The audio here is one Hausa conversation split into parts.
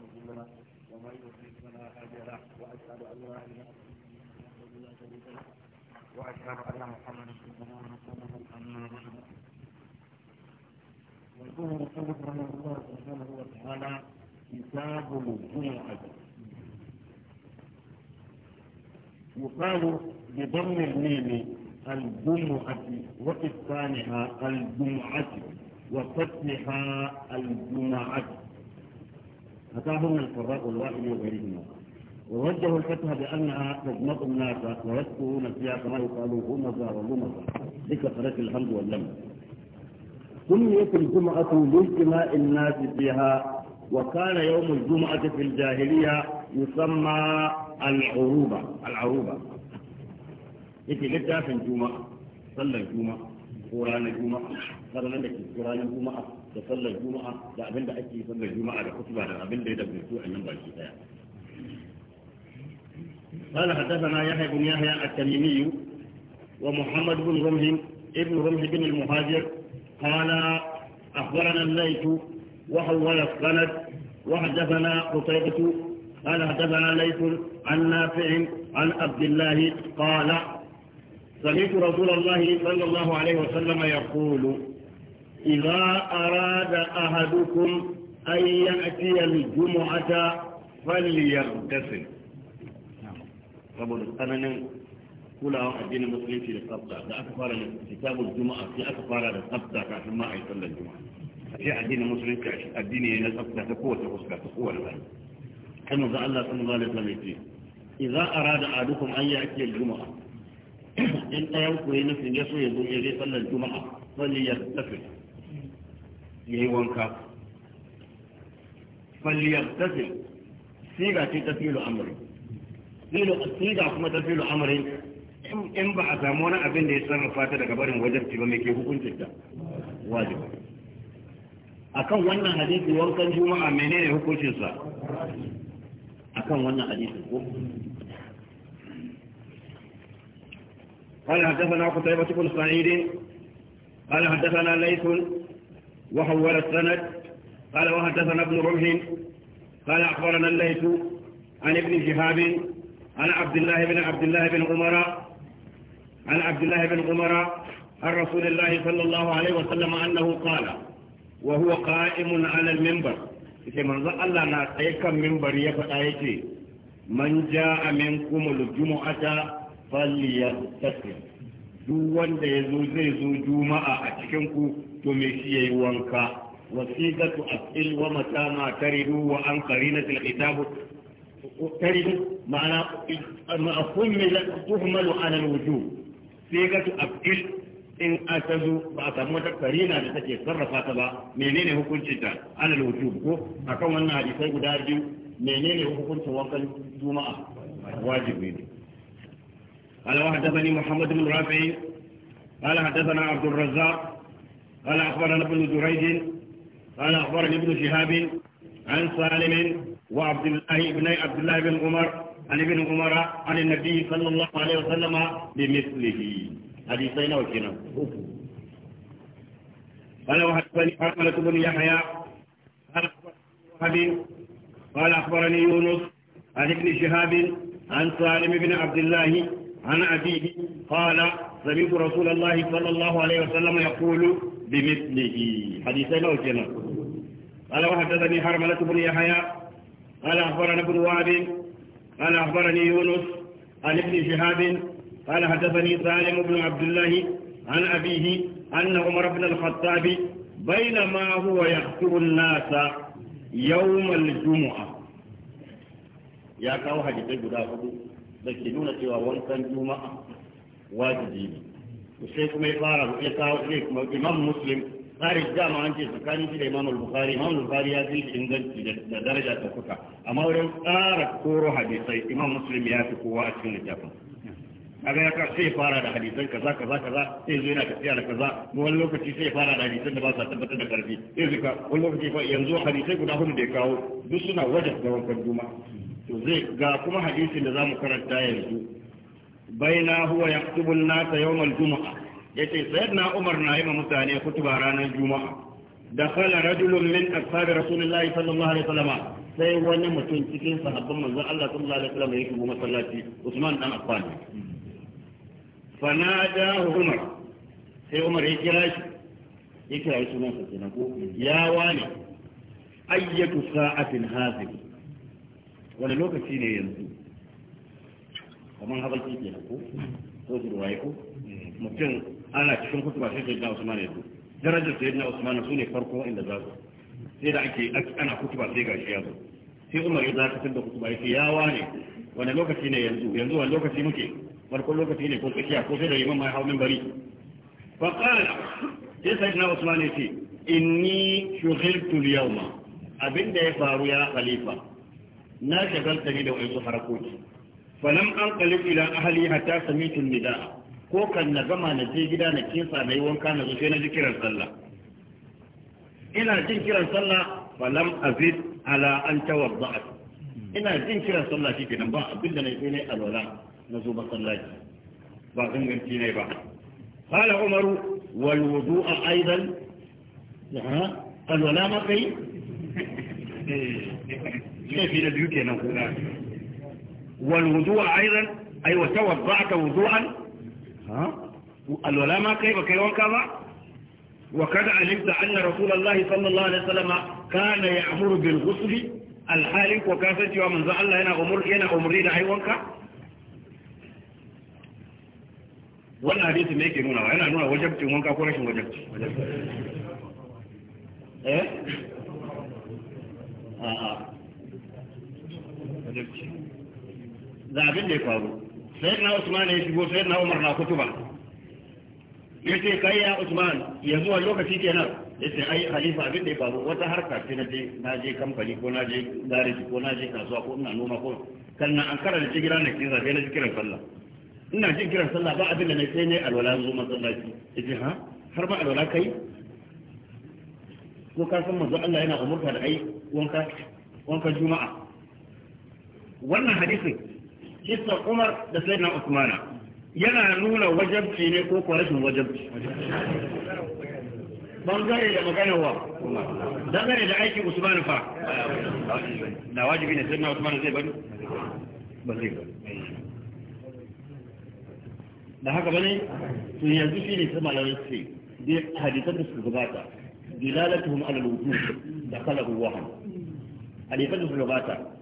مضل له ومن يضلل فلا هادي له واشهد ان لا اله الا الله شريك له واشهد ان محمدا عبده ورسوله اما بعد ويقول المصنف رحمه الله سبحانه وتعالى كتاب الجمعه يقال بضم الميم الجمعة وإسكانها الجمعة وفتحها الجمعة أتاهم القراء الواحد وغيرهما ووجهوا الفتح بأنها تجمع الناس ويذكرون فيها كما يقال غمزة ولمزة لكثرة الحمد واللم سميت الجمعة لاجتماع الناس فيها وكان يوم الجمعة في الجاهلية يسمى العروبة العروبة yake littafin في الجمعة صلى الجمعة قرآن الجمعة صلى da ke da sallar juma'a da abin da ake sallar juma'a da kutuba da abin da ya su baki daya قال حدثنا يحيى بن يحيى التميمي ومحمد بن رمح ابن رمح بن المهاجر قال أخبرنا الليث وحول السند وحدثنا قتيبة قال حدثنا ليث عن نافع عن عبد الله قال سمعت رسول الله صلى الله عليه وسلم يقول إذا أراد أحدكم أن يأتي الجمعة فليغتسل فبدأت نعم. أنا نعم. كل واحد من المسلمين في الصبتة لا من كتاب الجمعة في من الصبتة كأن ما أيضا الجمعة في عدين المسلمين كأش الدين هنا الصبتة تقوى تقوى تقوى لبعض أنه ذا الله صلى الله عليه وسلم إذا أراد أحدكم أن يأتي الجمعة إن أيوكم هنا في نفسه يزوم يزي صلى الجمعة فليغتسل ya yi wanka falliyar tasir siga ce ta filo amurin siga kuma ta filo amurin in ba a samu wani abin da ya sarrafa fata daga barin wajen ba mai ke hukuncin ta wajibi akan wannan hadisi wankan juma'a menene hukuncinsa akan wannan hadisi ko قال حدثنا قتيبة بن سعيد قال حدثنا ليث وحول السند قال وحدثنا ابن رمح قال أخبرنا الليث عن ابن شهاب عن عبد الله بن عبد الله بن عمر عن عبد الله بن عمر عن رسول الله صلى الله عليه وسلم أنه قال وهو قائم على المنبر yake manzo الله na tsaye kan mimbari ya faɗa yake man ja'a minkum al-jumu'ata falyastatir duk wanda ya zo تمشي me وسيدة أسئل wanka وصيغة أفعل ومتى ما ترد وعن قرينة الخطاب ترد معنى تهمل على الوجوب سيدة أسئل إن أتزو فأتموت قرينة التي صرفها تبع منين هو كنت على الوجوب أكون أن هذه سيد دارجو منين هو كنت وقل جمعة واجب قال وحدثني محمد بن رافع قال حدثنا عبد الرزاق قال أخبرنا ابن جريج قال أخبرني ابن شهاب عن سالم وعبد الله بن عبد الله بن عمر عن ابن عمر عن النبي صلى الله عليه وسلم بمثله حديثين وكنا قال وحدثني حرملة بن يحيى قال أخبرني يونس عن ابن شهاب عن سالم بن عبد الله عن أبيه قال سمعت رسول الله صلى الله عليه وسلم يقول بمثله حديثين أو كنا قال وحدثني حرملة بن يحيى قال أخبرنا ابن وهب قال أخبرني يونس عن ابن شهاب قال حدثني سالم بن عبد الله عن أبيه أن عمر بن الخطاب بينما هو يخطب الناس يوم الجمعة يا كاو حديثي guda hudu da ke nuna cewa wankan sai kuma ya fara ya kawo sai kuma imam muslim tsarin dama an ce tsakanin shi da imam al-bukhari imam al-bukhari ya fi inganci da daraja ta kuka amma wurin tsara koro hadisai imam muslim ya fi kowa a cikin littafin kaga ya sai ya fara da hadisan kaza kaza kaza sai zo yana tafiya da kaza mu wani lokaci sai ya fara da hadisan da ba sa tabbatar da karfi sai zuka wani lokaci fa yanzu hadisai guda hudu da ya kawo duk suna wajen da wankan juma to zai ga kuma hadisin da zamu karanta yanzu baina huwa yaktubu an-nasa yawm al-jum'a yace sayyidina Umar na yi mutane kutuba ranar juma'a dakhala rajulun min ashabi rasulullahi sallallahu alaihi wasallam sai wani mutum cikin sahabban manzon Allah sallallahu alaihi wasallam ya shigo masallaci Usman dan Affan fanadahu Umar sai Umar ya kira shi ya kira shi sunan sa kenan ko ya wani ayyatu sa'atin hazi wani lokaci ne yanzu kamar habaki ke ko ko jirwaye ko mutum ana cikin kutuba sai sai na Usman ya zo darajar sai na Usman su ne farko inda za su sai da ake ana kutuba sai gashi ya zo sai Umar ya zaka da kutuba yake ya wane wani lokaci ne yanzu yanzu wani lokaci muke farkon lokaci ne ko tsakiya ko sai da imam mai hawo bari fa qala sai sai na Usman ya ce inni shughiltu al-yawma abinda ya faru ya khalifa na shagalta ni da wasu harakoki falam an qalib ila ahli hatta samitu nidaa ko kan na gama na je gida na kinsa na yi wanka na zo na ji kiran sallah ina jin kiran sallah falam azid ala an tawadda'at ina jin kiran sallah shi kenan ba abinda na yi ne alwala na zo masallaci ba ganganci ne ba qala umaru wal wudu'a aidan ha alwala ma kai ne fi da biyu kenan ko والوضوء أيضا أي وتوضعت وضوءا ها الولا ما كيف كيف وكذا وقد علمت أن رسول الله صلى الله عليه وسلم كان يأمر بالغسل الحالق وكافت ومن ذا الله ينا أمر ينا أمرين أيوانك wannan hadisi me yake nuna yana nuna wajabcin wanka ko rashin wajabci eh a'a wajabci da abin da ya faru sai na Usman ya shigo sai na Umar na kutuba ce kai ya Usman yanzu zuwa lokaci kenan ce ai halifa abin da ya faru wata harka ce na je na je kamfani ko na je gareji ko na je kasuwa ko ina noma ko kan na ankara da jigira na kin zabe na jikiran sallah ina jin kiran sallah ba abin da na sai ne alwala zo masallaci ce ha har ma alwala kai ko ka san manzo Allah yana umurta da ai wanka wanka juma'a wannan hadisin kissa Umar da Sayyidina Usmana yana nuna wajabci ne ko ko rashin wajabci bangare da magana wa bangare da aikin Usman fa da wajibi ne Sayyidina Usman zai bani ba zai da haka bane to yanzu shi ne sai da sai da hadisan da suka gabata dilalatuhum ala al-wujud da kala ruwahan hadisan da suka gabata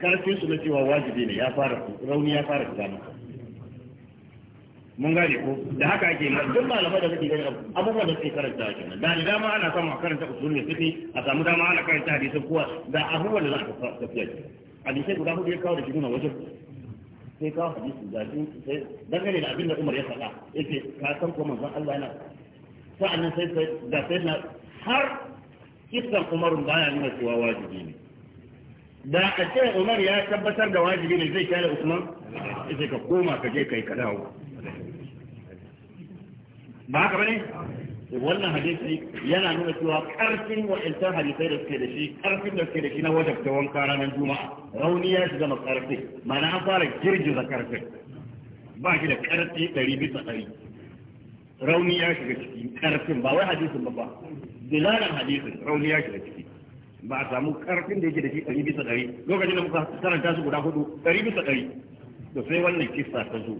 karfin su na cewa wajibi ne ya fara rauni ya fara fita maka mun gane ko da haka ake ma duk malamai da suke gani abubuwa da suke karanta ake kenan da ni dama ana samu a karanta ne suke a samu dama ana karanta hadisin kuwa da abubuwa da za ka tafiya ke hadisai guda hudu ya kawo da shi nuna wajen sai kawo hadisi da shi sai dangane da abin da Umar ya faɗa yake ka san ko manzon Allah yana sa'annan sai da sai na har kisan Umar baya nuna cewa wajibi ne da a ce Umar ya tabbatar da wajibi ne zai kyale Usman sai ka koma ka je kai ka dawo ba haka bane wannan hadisi yana nuna cewa karfin wa'ancan hadisai da suke da shi karfin da suke da shi na wajabta wanka ranar juma'a rauni ya shiga makarfi mana an fara girgiza karfin ba shi da karfi ɗari bisa ɗari rauni ya shiga ciki karfin ba wai hadisin ba ba dilalan hadisin rauni ya shiga ciki ba a samu karfin da yake da shi ɗari bisa ɗari lokacin da muka karanta su guda hudu ɗari bisa ɗari to sai wannan kissa ta zo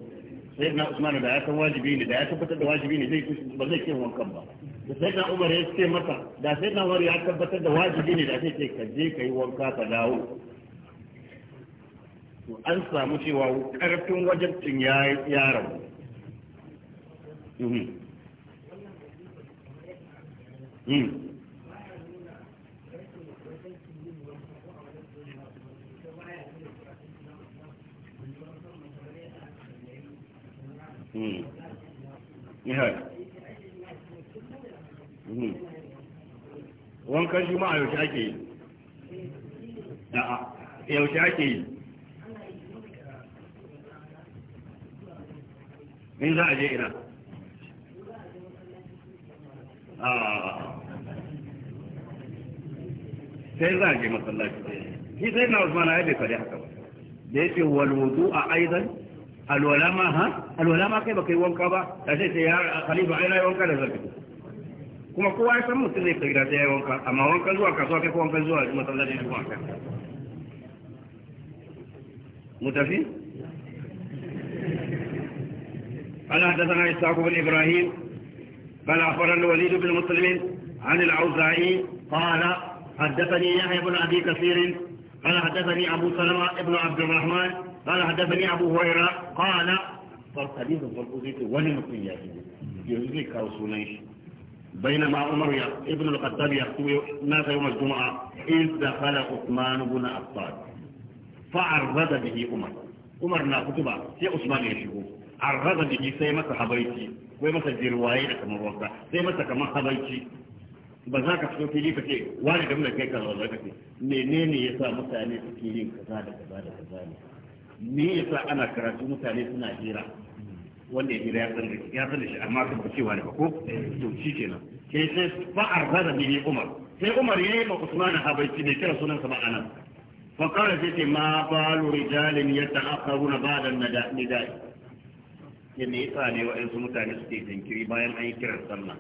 sai na Usman da ya san wajibi ne da ya tabbatar da wajibi ne zai ba zai kin wankan ba da sai na Umar ya ce masa da sai na Umar ya tabbatar da wajibi ne da sai ce ka je ka yi wanka ka dawo to an samu cewa karfin wajen tun ya rabu Mm-hmm. Hmm. Hmm. wankan juma'a yaushe ake yi da'a yaushe ake yi Min za a je ina ah. sai za a je masallaci shi sai na usman ya bai faɗi haka ba da yake walwudu a aizan الولامة ها الولامة كيف كيف وان كبا لشيء سيار خليفة غيرا وان كذا زكى كم قوة اسمه تريك تقدر تيار وان كا أما وان كذا وان كذا كيف وان كذا ما تقدر تيار وان كا متفين قال حدثنا إسحاق بن إبراهيم قال أخبرنا الوليد بن مسلم عن الأوزاعي قال حدثني يحيى بن أبي كثير قال حدثني أبو سلمة بن عبد الرحمن قال حدثني أبو هريرة قال فالحديث والأوزيت ولمسلم يا سيدي يوزيك أو سنيش بينما عمر ابن الخطاب يخطب الناس يوم الجمعة إذ دخل عثمان بن عفان فعرض به عمر عمر نا خطبة في عثمان يشيكو عرض به سيما حبيتي ويما جرواي كما وقع سيما كما حبيتي ba za ka fito fili ka ce wani da muna kai kaza za ka ce menene yasa mutane suke yin kaza da kaza da kaza ne me yasa ana karatu mutane suna hira wanda ya hira ya san ya san shi amma ka ba cewa ne ba ko to shi kenan sai sai fa arzara bi Umar sai Umar yayi ma Usman habaici bai kira sunan sa ba anan fa qala sai ma balu rijalin yata'akhiruna ba'da nida'i yadda ya tsane wa su mutane suke jinkiri bayan an yi kiran sallah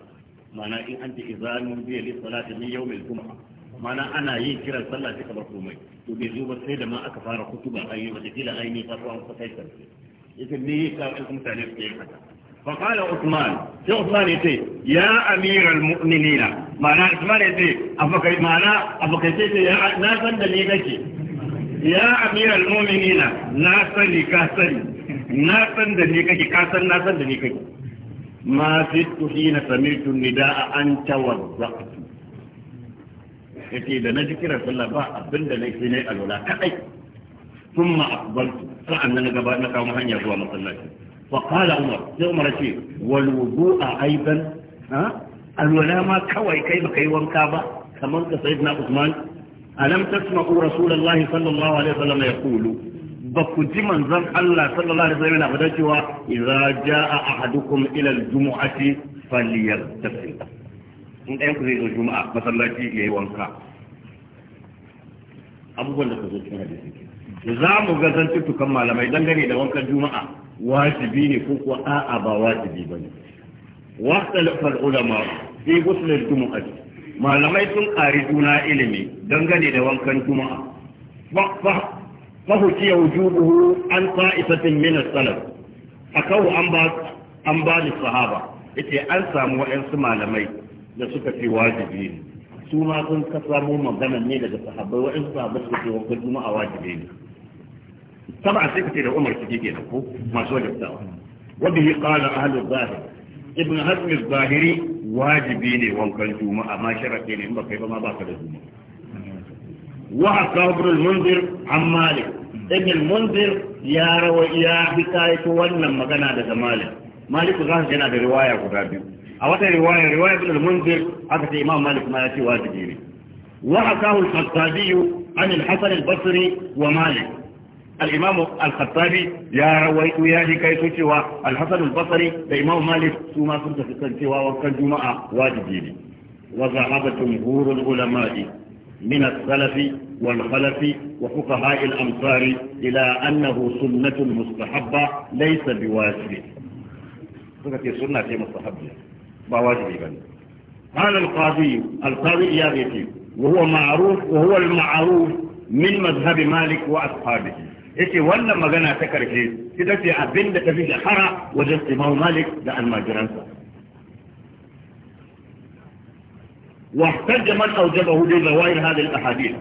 ma'ana in an ta izanu biya lissalati min yawmil juma'a mana ana yin kiran sallah sai kamar komai to bai zo ba sai da ma aka fara kutuba an yi wata kila an yi kafa an kusa kai yace me yake ka mutane su yi haka fa qala usman sai usman yace ya amiral mu'minina mana usman yace afakai mana afakai yace ya na san da ni kake ya amiral mu'minina na sani ka sani na san da ni kake ka san na san da ni kake ma fitu hina sami'tu nida'a an tawazzaqtu yace da na ji kiran sallah ba abin da yi ne alwala kadai thumma aqbaltu sa'annan na gaba na kawo hanya zuwa masallaci fa qala umar sai umar ce wal wudu'a aidan ha alwala ma kawai kai baka yi wanka ba kamar ka na usman alam tasma'u rasulullahi sallallahu alaihi wasallam yaqulu ba ku ji manzon Allah sallallahu alaihi wasallam yana cewa idza jaa ahadukum ila al-jumu'ati falyaghtasil in ɗayan ku zai zo juma'a masallaci ya yi wanka abubuwan da ka zo cikin hadisi za mu ga zantuttukan malamai dangane da wankan juma'a wajibi ne ko kuwa a'a ba wajibi ba ne waqtalafal ulama fi ghusl al-jumu'ah malamai sun ƙari juna ilimi dangane da wankan juma'a fahuci ya wujubuhu an fa'isatin min as-salaf akawu an ba an ba sahaba yace an samu wa'ansu malamai da suka ce wajibi ne su ma sun ka samu magana ne daga sahabbai wa in sahabbai suka ce wakil kuma a wajibi ne saba sai ka ce da Umar suke kenan ko masu wajibtawa wa bihi qala ahlu zahir ibn hazm az-zahiri wajibi ne wankan juma'a ma sharadi ne in ba kai ba ma baka da juma'a wa akabar al-munzir an malik ibn al-munzir ya rawa ya hikayato wannan magana daga malik malik zahir yana da riwaya guda biyu a رواية رواية riwaya المنذر al-munzir مالك ما يأتي واجبيني وحكاه الخطابي عن الحسن البصري ومالك الإمام الخطابي يا رويت يا هكاية سوى الحسن البصري الإمام مالك سوما سنت في وكان وكالجمعة واجبيني وزعب جمهور العلماء من السلف والخلف وفقهاء الأمصار إلى أنه سنة مستحبة ليس بواجب سنة مستحبة بواجب البند قال القاضي القاضي إيابيتي وهو معروف وهو المعروف من مذهب مالك وأصحابه إيكي ولا ما قنا تكركي كده في عبندة في الحرى وجدت مو مالك لأن ما جرانسا واحتج من أوجبه لزوائر هذه الأحاديث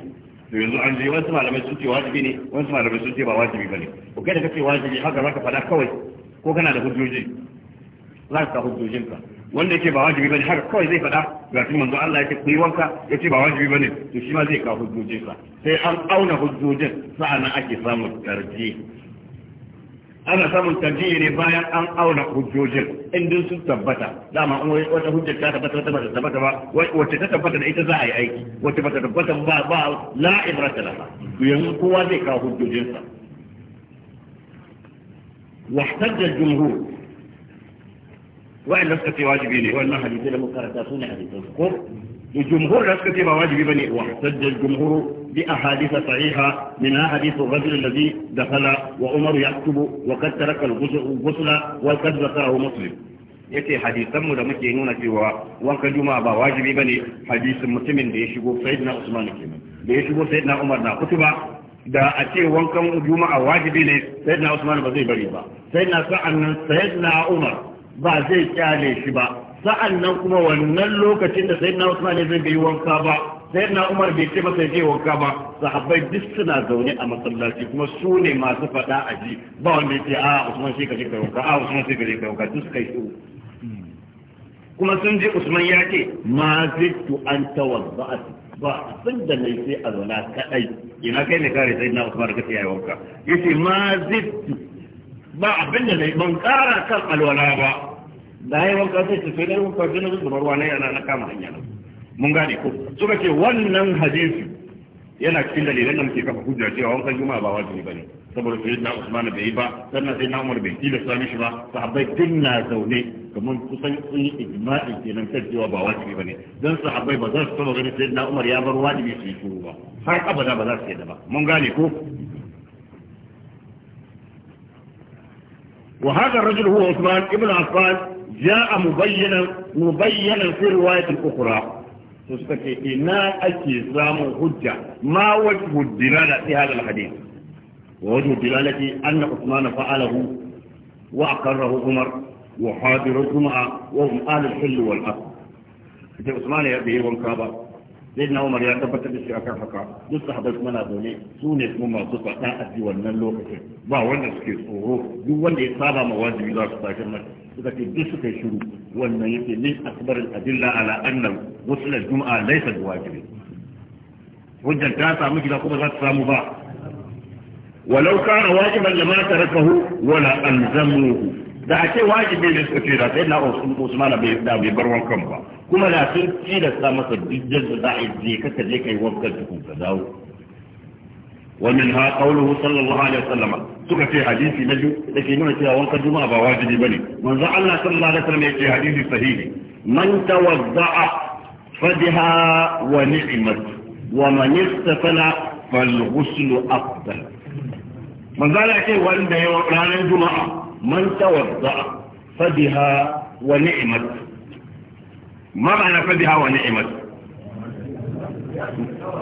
يزو عن زي واسمع لما يسوتي واجبيني واسمع لما يسوتي بواجبي بني وكده كتي واجبي حقا راكا فلاك كوي وكنا لهدوجين لا تهدوجين wanda yake ba wajibi bane haka kawai zai faɗa ga shi manzo Allah yake ku wanka yace ba wajibi bane to shi ma zai kawo hujjojin sa sai an auna hujjojin sa'annan ake samun tarji ana samun tarji ne bayan an auna hujjojin indin sun tabbata dama an wata hujja ta tabbata wata bata tabbata ba wacce ta tabbata da ita za a yi aiki wacce bata tabbata ba ba la ibrata laha to yanzu kowa zai kawo hujjojin sa واحتج الجمهور wa'anda suka ce wajibi ne wannan hadisi da makaranta su ne hadisan su ko jumhur da suka ce ba wajibi bane wa sajjal jumhur bi ahadith sahiha min ahadith ar-rajul alladhi dakhala wa umar yaktubu wa qad taraka al-ghusla wa qad zakarahu muslim hadisan mu da muke nuna cewa wanka juma'a ba wajibi bane hadisin mutumin da ya shigo sayyidina usman kenan da ya shigo sayyidina umar na kutuba da a ce wankan juma'a wajibi ne sayyidina usman ba zai bari ba sayyidina sa'an nan sayyidina umar ba zai kyale shi ba sa'an nan kuma wannan lokacin da sayyidina Usman zai yi wanka ba sayyidina Umar bai ce masa yake wanka ba sahabbai duk suna zaune a masallaci kuma su ne masu fada a ji ba wanda yake a Usman shi ka je ka wanka a Usman shi ka ka wanka duk kai su kuma sun ji Usman ya ce ma zittu an tawar ba sun da mai sai a alwala kadai ina kai ne kare sayyidina Usman ka ce yayi wanka yace ma zittu ba abinda da zai ban ƙara kan alwala ba da ya wanka sai su sai dai wanka na zuwa ruwa na yana na kama hanya mun gane ko suka ce wannan hadisi yana cikin dalilan da muke kafa hujja cewa wanka juma'a ba wajibi bane saboda sai na Usman bai yi ba sannan sai na Umar bai tilasta mishi ba sahabbai tun na zaune kamar kusan sun yi ijma'i kenan kan cewa ba wajibi bane dan sahabbai ba za su taba ganin sai na Umar ya bar wajibi su yi shuru ba har abada ba za su yi da ba mun gane ko وهذا الرجل هو عثمان ابن عفان جاء مبينا مبينا في رواية أخرى تستكي أكي حجة ما وجه الدلالة في هذا الحديث ووجه الدلالة أن عثمان فعله وأقره عمر وحاضر الجمعة وهم أهل الحل والعقل عثمان يأتيه والكابر sai na umar ya tabbatar da shi kan haka duk sahabbai kuma na zaune su ne kuma masu faɗa a wannan lokacin ba wanda suke tsoro duk wanda ya saba ma wajibi za su tashi masa suka ce duk suka shiru wannan yake min akbar adilla ala anna ghusl al-jum'a wajibi hujjar ta samu gida kuma za ta samu ba walau kana wajiban lama tarakahu wala alzamuhu da a ce wajibi ne suka ce da sai na Usman bai da bai bar wankan ba kuma da sun ci da sa masa dijjar da za je ka je kai wankan tukun ka dawo wa min ha qawluhu sallallahu alaihi wasallam suka ce hadisi na ju da ke nuna cewa wankan juma'a ba wajibi bane manzo Allah sallallahu alaihi wasallam ya ce hadisi sahihi man tawadda'a fadiha wa ni'mat wa man istafala fal ghuslu afdal manzo Allah ya ce wanda ya ranar juma'a من توضأ فبها ونعمت ما معنى فبها ونعمت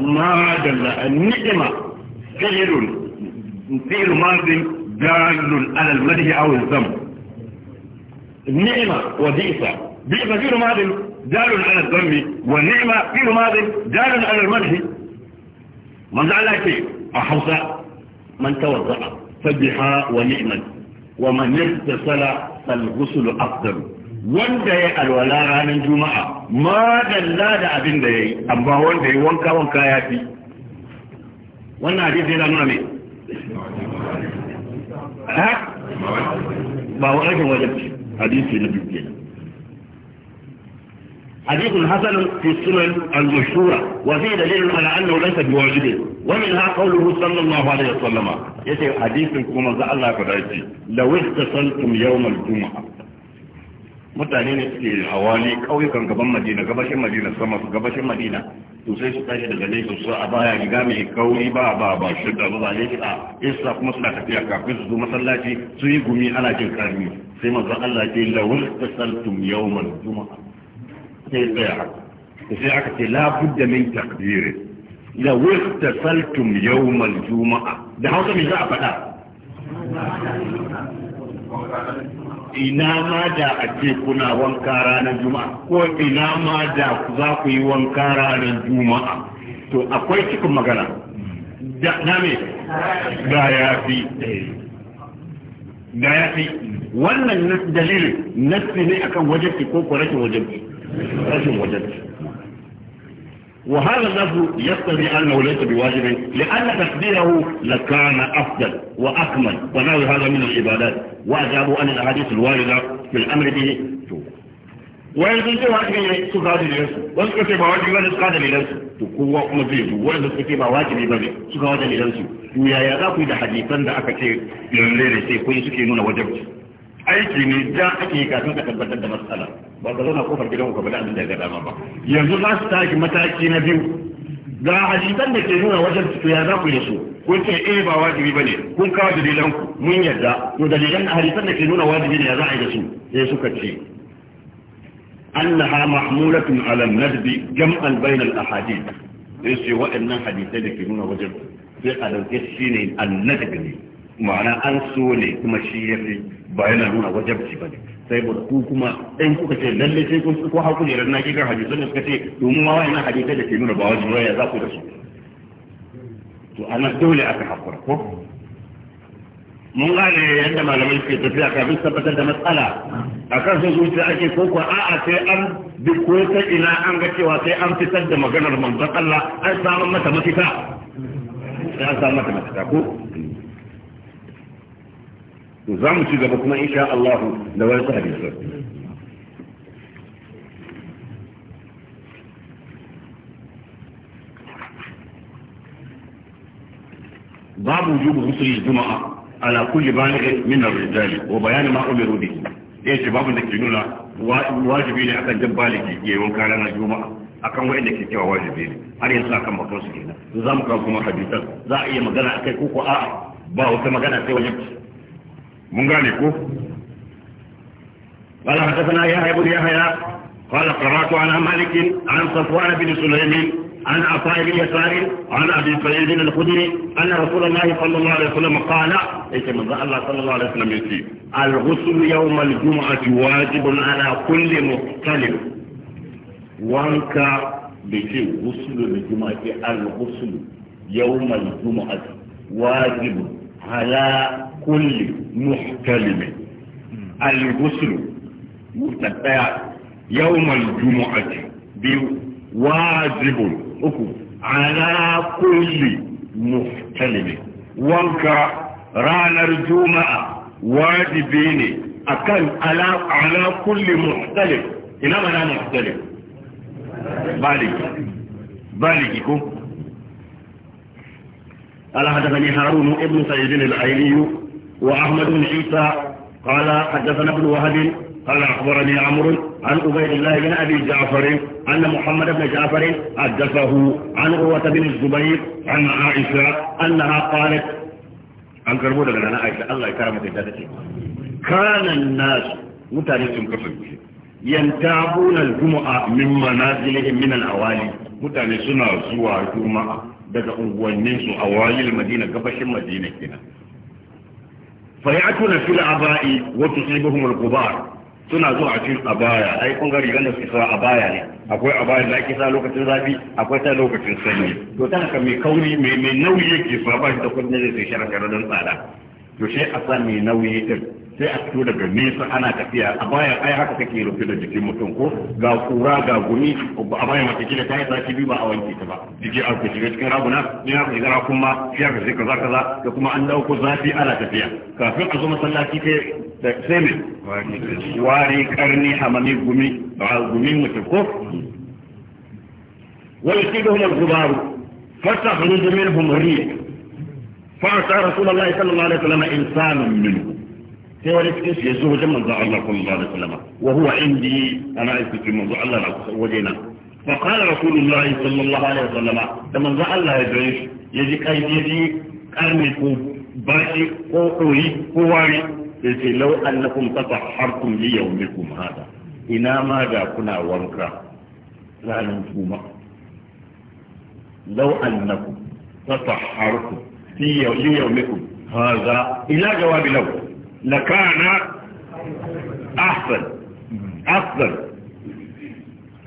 ما دل النعمة فعل فعل ماض دال على المدح أو الذم النعمة وبئس بئس فعل ماض دال على الذم والنعمة فعل ماض دال على المدح من زعل شيء أحوصى من توضأ فبها ونعمت ومن اغتسل فالغسل أفضل wanda ya alwala ranar juma'a ma dalla da abin da ya yi amma wanda ya wanka wanka ya fi wannan hadisi yana nuna me ha ba wa rashin wajabci hadisi na biyu kenan حديث حسن في السنن المشهورة وفيه دليل على أنه ليس بواجبه ومنها قوله صلى الله عليه وسلم yake hadisin kuma manzo Allah ka dace la wastasaltum yawmal jumu'a mutane ne suke hawali kauyukan gaban Madina gabashin Madina sama su gabashin Madina to sai su tashi daga nan su a baya ga mai kauri ba ba ba shi da ba ne a isa kuma suna tafiya kafin su zo masallaci su yi gumi ana jin karni sai manzo Allah ce la wastasaltum yawmal jumu'a sai tsaya sai aka ce la budda min taqdir la wastasaltum yawmal jumu'a da hausa mai za a faɗa ina ma da a ce kuna wanka ranar juma'a ko ina ma da za ku yi wanka ranar juma'a to akwai cikin magana da na me da ya fi da ya fi wannan dalilin nasi ne akan wajen ko ko rashin wajen rashin wajen وهذا اللفظ يستطيع أنه ليس بواجب لأن تكبيره لكان أفضل وأكمل ونوع هذا من العبادات وأجاب أن الحديث الواردة في الأمر به وإذا كنت واجبي سكادة لنفسه وإذا كنت واجبي سكادة لنفسه تقوى أمزيه وإذا كنت واجبي سكادة لنفسه ويا يا ذاكو إذا حديثا دا أكتير لنليري سيكون سكينون وجبت aiki ne da ake yi kafin ka tabbatar da matsala ba ka zauna kofar gidan ku bada abin da ya dama ba yanzu za su taki mataki na biyu ga hadisan da ke nuna wajen ya za ku yi su kun ce eh ba wajibi ba ne kun kawo dalilan ku mun yarda to dalilan hadisan da ke nuna wajibi ne ya za a yi da su sai eh, suka ce annaha mahmulatun ala nadbi jam'an bainal ahadith sai su waɗannan hadisai da ke nuna wajen sai a dauke shi ne annabi ne ma'ana an so ne kuma shi ya fi ba yana nuna wajabci bane sai ba ku kuma ɗan kuka ce lalle sai kun ko hakuri ran naki kan hadisan da suka ce domin ma wannan hadisai da ke nuna ba wajen ya za ku da su to ana dole aka hakura ko mun gane yadda malamai suke tafiya kafin tabbatar da matsala a kan sun zuci ake ko kuwa a'a sai an duk ko ta ina an ga cewa sai an fitar da maganar manzon Allah an samu mata mafita sai an samu mata mafita ko to za mu ci gaba kuma insha Allah da wani hadisi babu wujubu musulmi juma'a ala kulli bani min ar-rijali wa bayan ma umiru bihi ce babu da ke nuna wajibi ne akan jan baliki yayin wanka ranar juma'a akan wa'inda ke cewa wajibi ne har yanzu akan batun su kenan za mu kawo kuma hadisan za a iya magana akai ko ko a'a ba wata magana sai wajen mun gane ko قال حدثنا يحيى بن يحيى قال قرات عن مالك عن صفوان بن سليمان عن عطاء بن يسار عن ابي سعيد الخدري ان رسول الله صلى الله عليه وسلم قال ليس من الله صلى الله عليه وسلم يسير الغسل يوم الجمعه واجب على كل مختلف وانك بشيء غسل الجمعه الغسل يوم الجمعه واجب على kulli muhtalimin al-ghusl mutadaya yawmal jumu'ati biyu wajibun uku ala kulli muhtalimin wanka ranar juma'a wajibi ne akan ala ala kulli muhtalim ina mana muhtalim baliki baliki ko قال حدثني هارون ابن سعيد العيني وأحمد بن عيسى قال حدثنا ابن وهب قال أخبرني عمرو عن عبيد الله بن أبي جعفر أن محمد بن جعفر حدثه عن عروة بن الزبير عن عائشة أنها قالت عن كربودة لنا عائشة الله يكرمك ذاتك كان الناس متنسم كفر ينتابون الجمعة من منازلهم من الأوالي متنسنا زوا الجمعة daga unguwanninsu a wayil madina gabashin madina kenan fayatuna fil aba'i wa tusibuhum al qubar suna zuwa a cikin abaya ai kun ga rigan da suke sa abaya ne akwai abaya da ake sa lokacin zafi akwai ta lokacin sanyi to ta haka mai kauri mai mai nauyi yake sa ba shi da kudin da zai shara sharar da tsada to sai a sa mai nauyi din sai a fito daga nesa ana tafiya a baya ai haka take rufe da jikin mutum ko ga kura ga gumi a baya mace kila ta yi sati biyu ba a wanke ta ba jiki a ku shiga cikin raguna ne ya ku gara kuma ya ka shiga kaza kaza da kuma an dauko zafi ana tafiya kafin a zo masallaci sai sai me wari karni hamami gumi ba gumi mutum ko wani shi da hulun zubaru fasa hulun zumin humari fa'asa rasulullahi sallallahu alaihi wasallam insanun minhu تورك إيش يزوج من ذا الله صلى الله عليه وسلم وهو عندي أنا أسكت من ذا الله وجينا فقال رسول الله صلى الله عليه وسلم من ذا الله يدعيش يجي قيد يجي قرني باشي قوقوي قواري يقول لو أنكم تطحركم ليومكم هذا إنا ماذا كنا ورقا لا ننتوما لو أنكم تطحركم ليومكم هذا إلى جواب لو لكان أحسن أفضل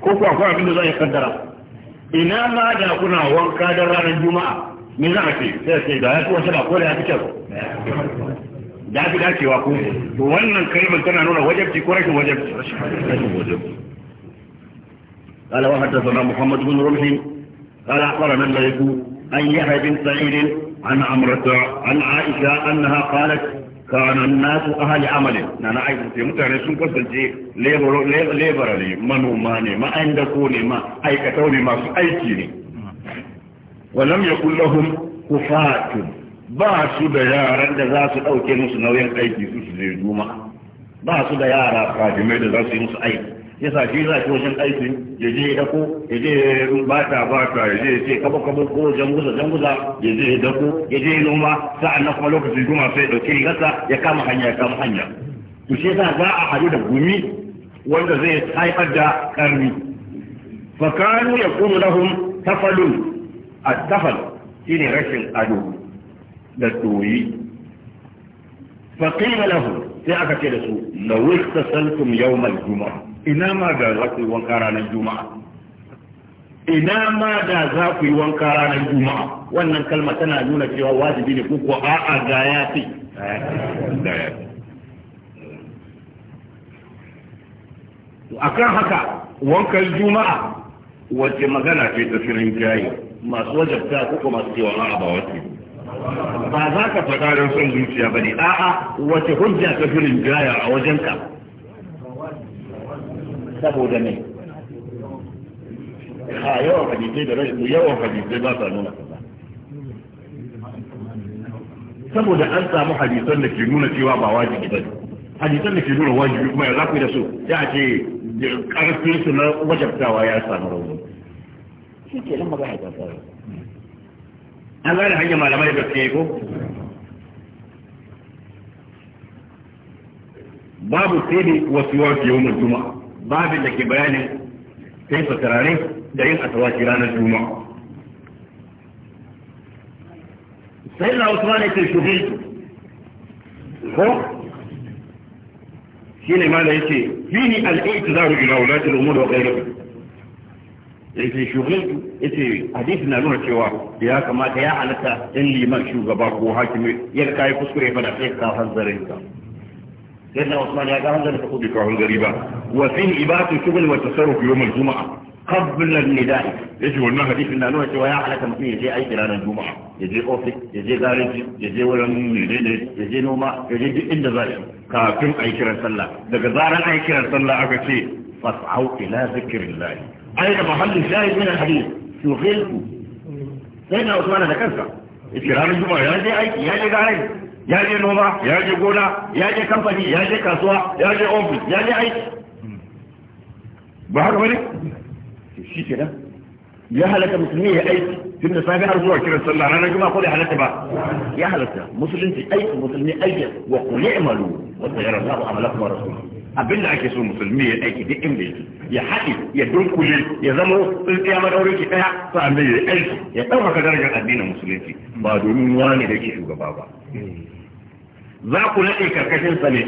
كوكو أكوى من ذا يقدر إنا ما دا كنا وانكا دران الجمعة من ذا أكي سيسي دا يتوى سبا قول يا تشر دا في داكي واكو وانا الكريم انتنا نولا وجبتي كوريش وجبتي قال واحد وحدثنا محمد بن رمح قال من أخبرنا الملك أن يحيى سعيد عن عمرة عن عائشة أنها قالت kana nasu ahali amali na na aiki mutane sun kasance labor ne manoma ne ma'ainda ko ne ma aikatau ne masu aiki ne walam yakul lahum kufatun ba su da yaran da za su dauke musu nauyin aiki su su je juma'a ba su da yara kadimai da za su yi musu aiki ya sa shi zaki wajen aikin ya je ya dako ya je bata bata ya je ya ce kaba kaba ko janguza janguza ya je ya dako ya je ya noma sa'an nan kuma lokacin juma sai ya dauki rigarsa ya kama hanya ya kama hanya to shi yasa za a hadu da gumi wanda zai haifar da karni fa kanu yakunu lahum tafalun at-tafal shine rashin ado da toyi fa qila lahum sai aka ce da su law istasaltum yawm al juma'a. ina ma ga za ku yi wanka ranar juma'a ina ma da za ku yi wanka ranar juma'a wannan kalma tana nuna cewa wajibi ne ko a'a ga ya fi akan haka wankan juma'a wacce magana ce ta firin jayi masu wajabta kuka masu cewa a ba wasu ba za ka faɗa don son zuciya ba ne a'a wacce hujja ta firin jaya a wajenka saboda ne a yawan hadisai da rai yawan hadisai ba sa nuna saboda an samu hadisan da ke nuna cewa ba wajibi ba hadisan da ke nuna wajibi kuma ya za ku da su ya ce karfin su na wajabtawa ya samu rauni shi ke nan magana ta tsaro an gane hanyar malamai da ke ko babu sai ne wasu yawan yawon juma'a babin da ke bayanin sai su turare da yin asawaci ranar juma'a sai na usman ya ce shuhi ko shi ne ma da ya ce fini al'aitu zaru ila wulatul umur wa ghayrihi ya ce shuhi ya ce hadisi na nuna cewa da ya kamata ya halatta in liman shugaba ko hakimi ya kai kuskure ba da sai ka hanzarin ka sai na usman ya ga hanzarin ka kudi ka hanzari ba وفيه إباحة الشغل والتصرف يوم الجمعة قبل النداء يجي wannan hadisin na nuna cewa ya halaka mutum ya je aiki ranar juma'a ya je ofis ya je gareji ya je wurin menene ya je noma ya je duk inda za shi kafin a yi kiran sallah daga zaran a yi kiran sallah aka ce fas'au ila zikrillah ai da mahallin shahid min alhadith yughilku sai na da kansa yace ranar juma'a ya je aiki ya je gareji ya je noma ya je gona ya je kamfani ya je kasuwa ya je ofis ya je aiki ba haka bane shi ke nan ya halatta musulmi ya aiki tun da safe har zuwa kiran sallah ranar juma'a ko da halatta ba ya halatta musulunci aiki musulmi aiki wa kulli amalu wa sayara Allahu amalakum wa rasuluhu abinda ake so musulmi ya aiki duk inda yake ya haɗi ya dunkule ya zama tsintsiya madaurin ki daya sa'an ya aiki ya ɗaukaka darajar addinin musulunci ba domin wani da ke shugaba ba za ku naɗe karkashin sa ne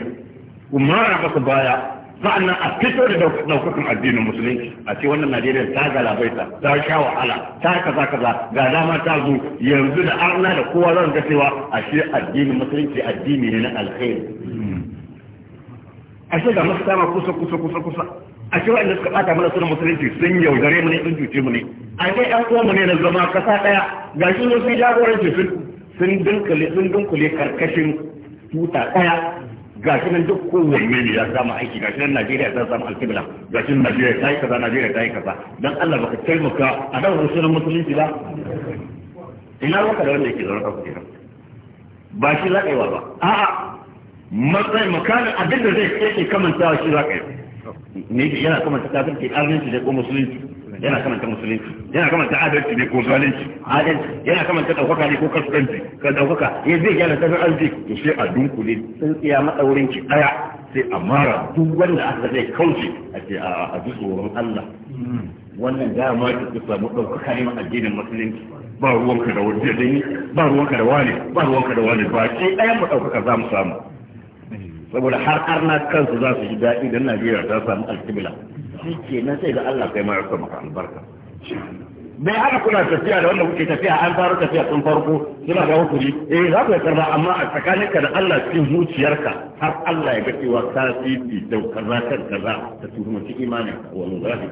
ku mara su baya sa'annan a fito da daukakan addinin musulunci a ce wannan najeriya ta galabaita ta sha wahala ta kaza kaza ga dama ta zo yanzu da arna da kowa zan ga cewa shi addinin musulunci addini ne na alkhairi shi ga masu sama kusa kusa kusa kusa a shi wa'anda suka bata mana suna musulunci sun yaudare mu ne sun cuce mu ne a dai an uwa mu ne na zama kasa daya ga shi ne sun jagoranci sun dunkule sun dunkule karkashin tuta daya gashi nan duk kowanne ne ya samu aiki gashi nan Najeriya ta samu alƙibla gashi nan Najeriya ta yi kaza Najeriya ta yi kaza dan Allah baka taimaka a dawo sunan musulunci ba ina maka da wanda yake zaune ka kuke ba shi za ka yi wa ba a'a matsayi makamin abin da zai yake kamantawa shi za ka yi ne yana kamanta kafirci arninci da kuma musulunci yana kamanta musulunci yana kamanta adalci ne ko zalunci adalci yana kamanta daukaka ne ko kasuwanci ka daukaka ya eh, zai gyara tafin arziki to sai a dunkule tsintsiya matsaurin ki daya sai a mara duk wanda aka zai kauce a ce a ji tsoron Allah wannan dama ki samu daukaka ne ma addinin musulunci ba ruwanka da wani ba ruwanka da wani ba ruwanka da wani ba sai ɗayan mu daukaka za mu samu saboda har arna kansu za su ji daɗi don najeriya ta samu alkibila shi ke nan sai ga allah kai ma ya maka albarka bai haka kuna tafiya da wanda kuke tafiya an fara tafiya tun farko suna da hukuri eh za ku yi karba amma a tsakaninka da Allah cikin zuciyarka har Allah ya ga cewa ka fi da kaza kan kaza ta tuhumci imanin wallahi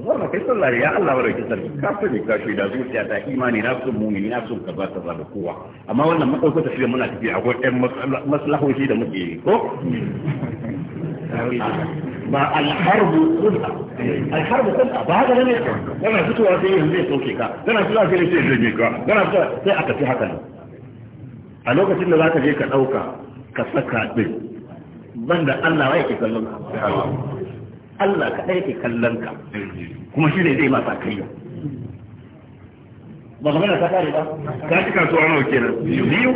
ba ma kai sallah ya Allah wa rake sarki ka sani ka shi da zuciya ta imani na son mumini na son kaza kaza da kowa amma wannan madaukaka shi muna tafiya akwai ɗan maslahoshi da muke yi ko ba alharbu kullu alharbu kullu ba haka ne kana fitowa sai yanzu ya soke ka kana fitowa sai ya janye ka kana fitowa sai aka ci haka ne a lokacin da zaka je ka dauka ka saka din banda Allah ya ke kallon ka Allah kaɗai ke kallon ka kuma shi ne zai masa kai ba ga mana ta kare ba ka ci kasuwa nawa kenan biyu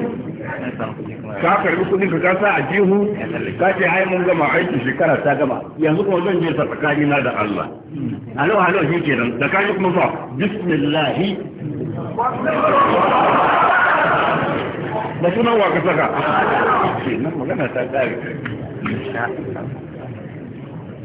ka karbi kudin ka kasa a jihu ka ce ai mun gama aikin shekara ta gama yanzu kuma zan je tsakani na da Allah halo halo shi kenan da kaji kuma fa bismillah ba sunan wa ka saka magana ta kare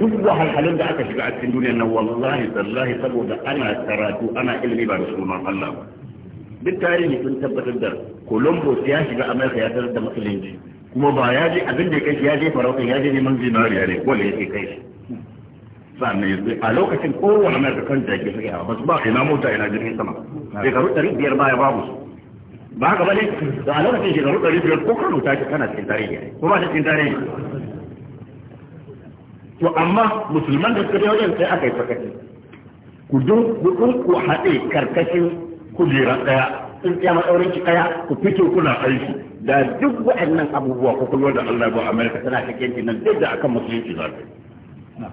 duk wahalhalun da aka shiga a cikin duniyar nan wallahi tallahi saboda ana karatu ana ilimi ba da sunan Allah ba duk tarihi sun tabbatar da Columbus ya shiga America ya tarar da musulunci kuma ba ya je abin da ya kai ya je farauta ya je neman zinariya ne wanda ke kai shi sannan yanzu a lokacin kowane America kan jage suke hawa basu ba ina mota ina jirgin sama shekaru ɗari biyar baya babu su ba haka ba ne da a lokacin shekaru ɗari biyar ko kano ta ce kana cikin tarihi ko ba cikin tarihi to amma musulman da suka wajen sai aka yi sakaci ku dun ku haɗe karkashin kujera ɗaya sun tsaya matsaurin ki ɗaya ku fito kuna aiki da duk waɗannan abubuwa ko kullum da Allah ba Amerika tana cikin ki nan duk da akan musulunci za ta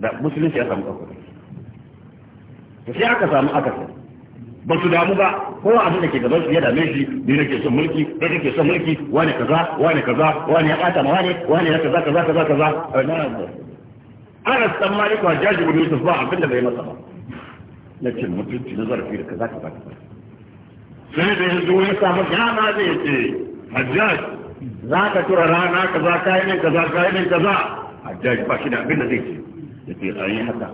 da musulunci ya samu ɗaukaka to sai aka samu aka samu ba su damu ba ko abin da ke gaban su ya dame shi ni nake son mulki kai nake son mulki wani kaza wani kaza wani ya ɓata ma wani wani ya kaza kaza kaza kaza أنا استمع لك وهجاج يقول لي تصباح في اللي بينا صباح لكن مجد نظر في لك ذاك بعد ذلك سيد يزوي صاحب يا ماذي يتي هجاج ذاك ترى رانا كذا كائن كذا كائن كذا هجاج باشي نعم بينا ذيك يتي غاية حتى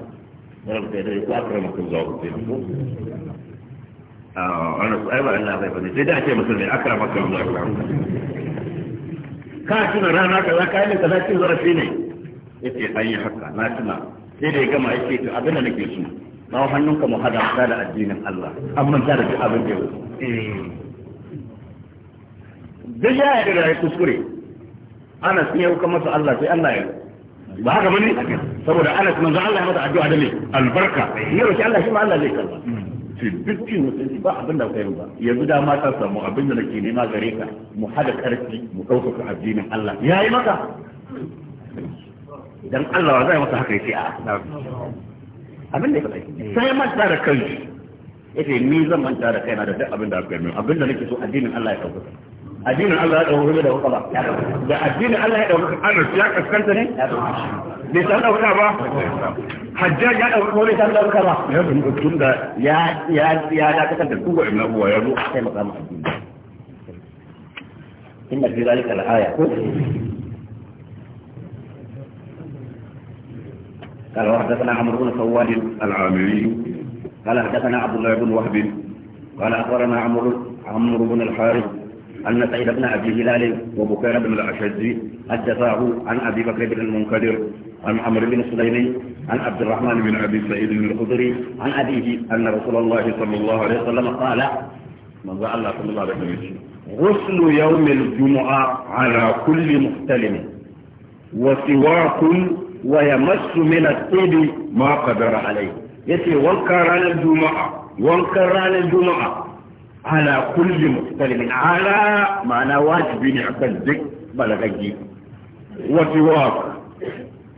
رب تيدي يتأكرمك الزوغ في نفسه أنا سأيبا إلا أبي فني سيدا أشياء مسلمي أكرمك الزوغ في نفسه كاشي نرانا كذا كائن كذا كائن كذا كائن كذا yace an yi haka na tuna sai da ya gama yace to abin da nake so na hannunka mu hada ta da addinin Allah an ta da duk abin da yau. duk ya yi da ya kuskure ana sun yauka masa Allah sai Allah ya ba haka bane saboda ana sun manzo Allah ya mata addu'a da ne albarka ya roki Allah shi ma Allah zai karba ce duk cin mutunci ba abin da kai ba yanzu da ma ta samu abin da nake nema gare ka mu hada karfi mu ɗaukaka addinin Allah yayi maka dan Allah wa zai masa haka yace a abin da yake sai manta tsara kai yace ni zan manta da kaina da duk abin da aka yi abin da nake so addinin Allah ya kauka addinin Allah ya dauka da wuka da addinin Allah ya dauka ana ya kaskanta ne bai san dauka ba hajjar ya dauka ko bai san dauka ba ya mutum da ya ya ya da kanta duk wa'in abuwa ya zo a kai makamin addini inna fi zalika al-aya قال وحدثنا عمرو بن فوال العامري قال حدثنا عبد الله بن وهب قال اخبرنا عمرو عمرو بن الحارث أن سعيد بن أبي هلال وبكير بن الأشج حدثاه عن أبي بكر بن المنكدر عن عمرو بن سليمي عن عبد الرحمن بن أبي سعيد بن الخدري عن أبيه أن رسول الله صلى الله عليه وسلم قال من زعل الله صلى الله عليه وسلم غسل يوم الجمعة على كل مختلف وسواك ويمس من الطيب ما قدر عليه يتي وانكران الجمعة وانكران الجمعة على كل مختلف على ما واجب نعبد الدك بلغجي وتواق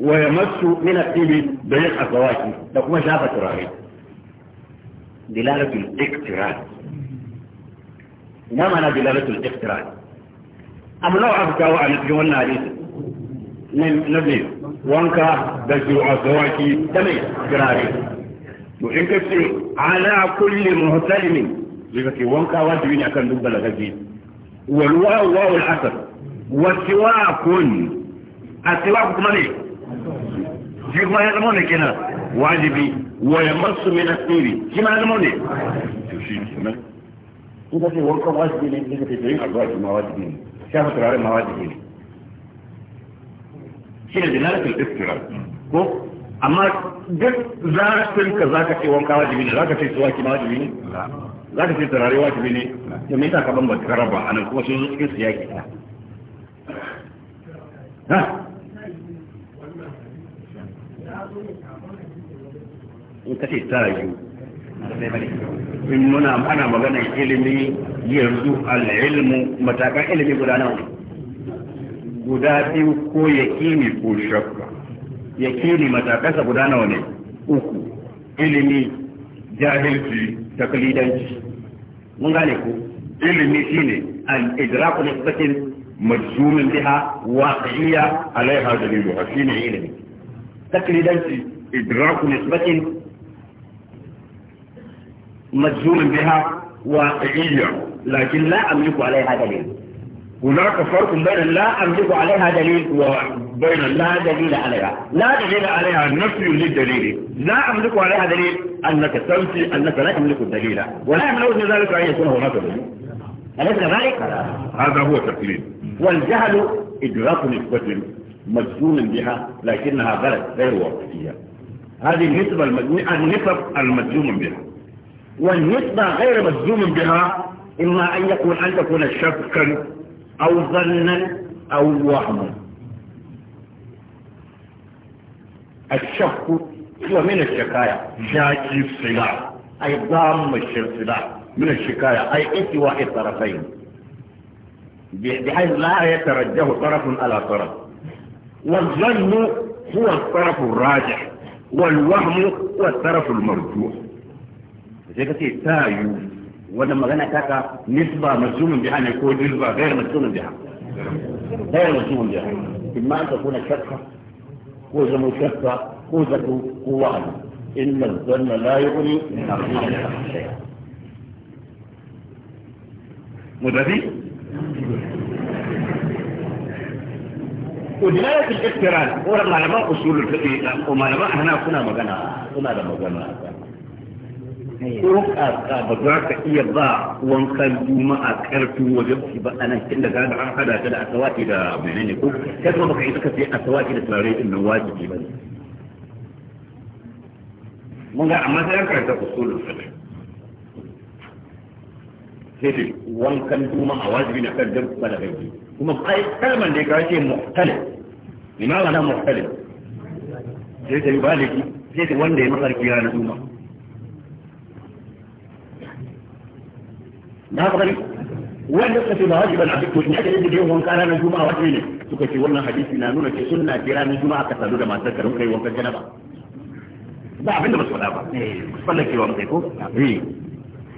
ويمس من الطيب بيقى فواكي ما شابة راهي دلالة الاقتران ما معنى دلالة الاقتران أم لو عفتوا عن الجمعة الناريسي من نبيل وانك بزر أزواك تمي قراري وانك على كل مهتلم لذلك وانك واجبين أكن دبلا غزين والواء الواء الحسر وسواك السواك مني جيك ما يلموني كنا واجبي ويمص من أسنيري كما يلموني تشيك سمك انت في وانك واجبين انت في دين الواجب مواجبين شافت رأي مواجبين shi ne jinaratul iftira ko amma duk zarafin ka za ka ce wanka wajibi ne za ka ce tsawaki ma wajibi ne za ka ce turare wajibi ne ya mai yasa ka ban baka raba nan kuma sun cikin siyaki ha in kace ta rayu in muna ana maganar ilimi yanzu al'ilmu matakan ilimi guda nawa guda biyu ko yakini ko shakka yakini matakansa guda nawa ne uku ilimi jahilci taklidanci mun gane ku ilimi shine an idraku nisbatin majzumin biha waqiya alaiha daliluha shine ilimi taklidanci idraku nisbatin majzumin biha waqiya lakin la amliku alaiha daliluha هناك فرق بين لا أملك عليها دليل وبين لا دليل عليها لا دليل عليها نفي للدليل لا أملك عليها دليل أنك تمشي أنك لا تملك الدليل ولا يملك ذلك أن يكون هناك دليل أليس كذلك؟ هذا هو التقليد والجهل إدراك نسبة مجنون بها لكنها غلط غير واقعية هذه النسبة النسب المجزوم بها والنسبة غير مجزوم بها إما أن يكون أن تكون شكا أو ظنا أو وهما الشك هو من الشكاية شاكي الصلاة أي ضام الصلاة من الشكاية أي واحد الطرفين بحيث لا يترجه طرف على طرف والظن هو الطرف الراجح والوهم هو الطرف المرجوح زي كتير تايو wanda magana ta ka nisba majzumin biha ne ko nisba gairu majzumin biha gairu majzumin biha ma ta kuna shakka ko zama shakka ko zato ko wa'adi illa zanna la yughni مدري ودلالة ko ورغم usulul fiqh ko وما ana kuna magana kuna da magana ko kaka ba za ka iya ba wankan juma'a karfi ba an hada ta da asawaki da menene ko kai kuma baka sai asawaki da din nan wajibi ba mun ga amma sai an karanta usulul fiqh sai wankan juma'a wajibi kan dan balagai kuma kai kalman da ce muhtalif wala muhtalif sai baliki sai wanda ya mafarki ranar juma'a na haka bari wanda suka ce ba wajiban a duk in aka yi wani wanka na juma'a wajibi ne suka ce wannan hadisi na nuna ce sunna ce ranar juma'a ka sadu da matar karin kai wankan janaba ba abinda ba su faɗa ba tsallakewa eh. ba kai ko eh.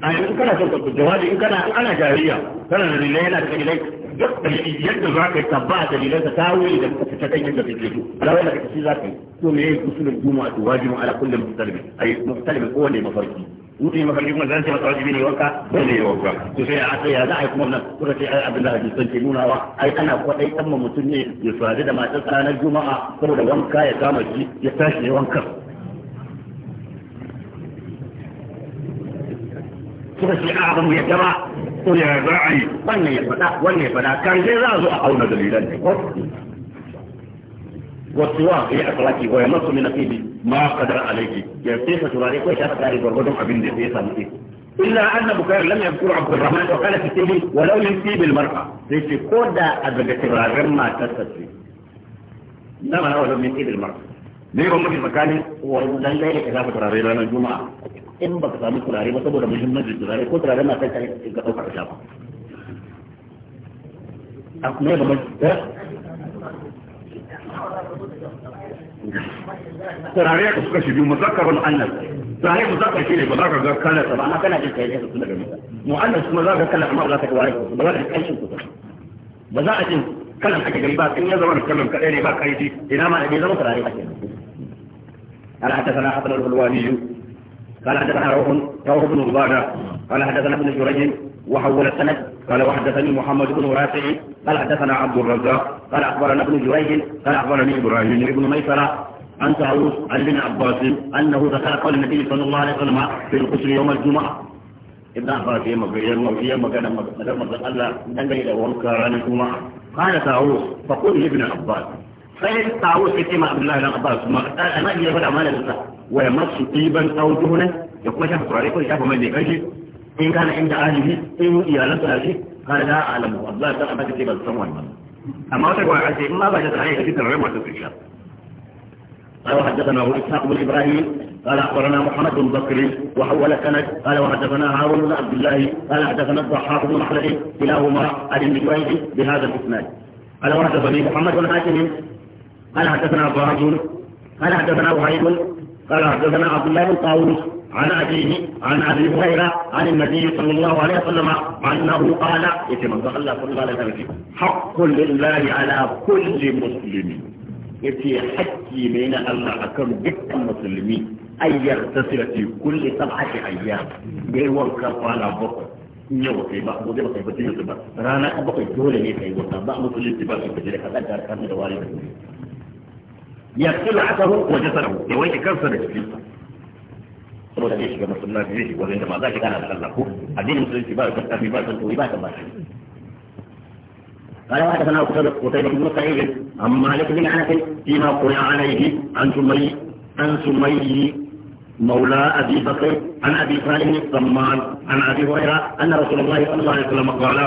a yanzu kana son ka jawabi in kana ana jariya kana da dalilai yana da dalilai duk yadda za ka yi ka ba dalilan ka ta wuri da ka ta kai yadda kake so da wanda kake shi za ka yi to me yayi usulul juma'a to wajibun ala kulli mustalimi ay mustalimi ko wanda mafarki mutum maka yi kuma zan ce masa wajibi ne wanka ba ne wanka to sai a tsaya za a yi kuma nan kuka ce abin da hadisi sun ke nunawa ai ana kwaɗai ma mutum ne ya sadu da matar ranar juma'a saboda wanka ya kama shi ya tashi ya wanka suka ce a ba mu yadda ba ya za a yi wannan ya faɗa wannan ya faɗa kan zai za a zo a auna dalilan ne والصوام في أخلاقي وينص من نفسه ما قدر عليه يبتيس تراريك ويشاف تاري بربدهم أبن يبتيس نفسه إلا أن بكار لم يذكر عبد الرحمن وقال في السبيل ولو يمسي بالمرأة ليس كودا أدرك تراريك تستطيع إنما هو لم يمسي بالمرأة ne ba في tsakanin wannan ɗaya da ka zafi turare ranar juma'a in ba samu turare ba saboda muhimmancin turare ko turare na kai ka ɗaukar shafa a kuma yadda turare ka suka shi biyu muzakkarun annas zahir muzakkar shi ne ba za ka ga kalar ba amma kana jin kai ne su daga nisa mu'annas kuma za ka kalar amma ba za ka ga wani ba za ka kai shi ba za a jin kalar ake gari ba in ya zama da kalar kadai ne ba kai shi ina ma ne zama turare ake ala hadathana hasan al-hulwani قال حدثنا روح روح بن عباده قال حدثنا ابن جريج وحول السند قال وحدثني محمد بن رافع قال حدثنا عبد الرزاق قال اخبرنا ابن جريج قال اخبرني ابراهيم بن ميسره عن طاووس عن ابن عباس انه دخل قول النبي صلى الله عليه وسلم في القصر يوم الجمعه ابن عباس يوم يوم كان مكان الله دنگري ده الجمعه قال طاووس فقل لابن عباس فإن طاووس كلمه عبد الله بن عباس ما انا ما اعمال ويمس طيبا او دهنا يقول شاف قراري يقول شاف من يكشف إن كان عند أهله in يا da shi kana la alamu wallahi dan abaka ce ban san wannan amma wata kwa ace in ma ba ta tare قال وحدثنا ابو اسحاق بن ابراهيم قال اخبرنا محمد بن بكر وحول سند قال وحدثنا هارون بن عبد الله قال حدثنا الضحاك بن محلب كلاهما عن النجويه بهذا الاسناد قال وحدثني محمد بن حاتم قال حدثنا ابو قال حدثنا وحيد قال حدثنا عبد الله بن طاووس عن أبيه عن أبي هريرة عن النبي صلى الله عليه وسلم أنه قال يتم الله صلى الله عليه وسلم حق لله على كل مسلم يتي حكي من الله أكرم دك المسلمين أن يغتسل في كل سبعة أيام بيوم كفانا بطل yau kai ba ko dai baka yi batun ba rana saboda zai shiga masallaci zai shiga wajen ma za ki kana da sallah ko addinin musulunci ba ka tafi ba ka tafi ba ka ba قال وحدثنا قتيبة بن سعيد عن مالك بن انس فيما قرئ عليه عن سمي عن سمي مولى ابي بكر عن ابي سالم الصمان عن ابي هريره ان رسول الله صلى الله عليه وسلم قال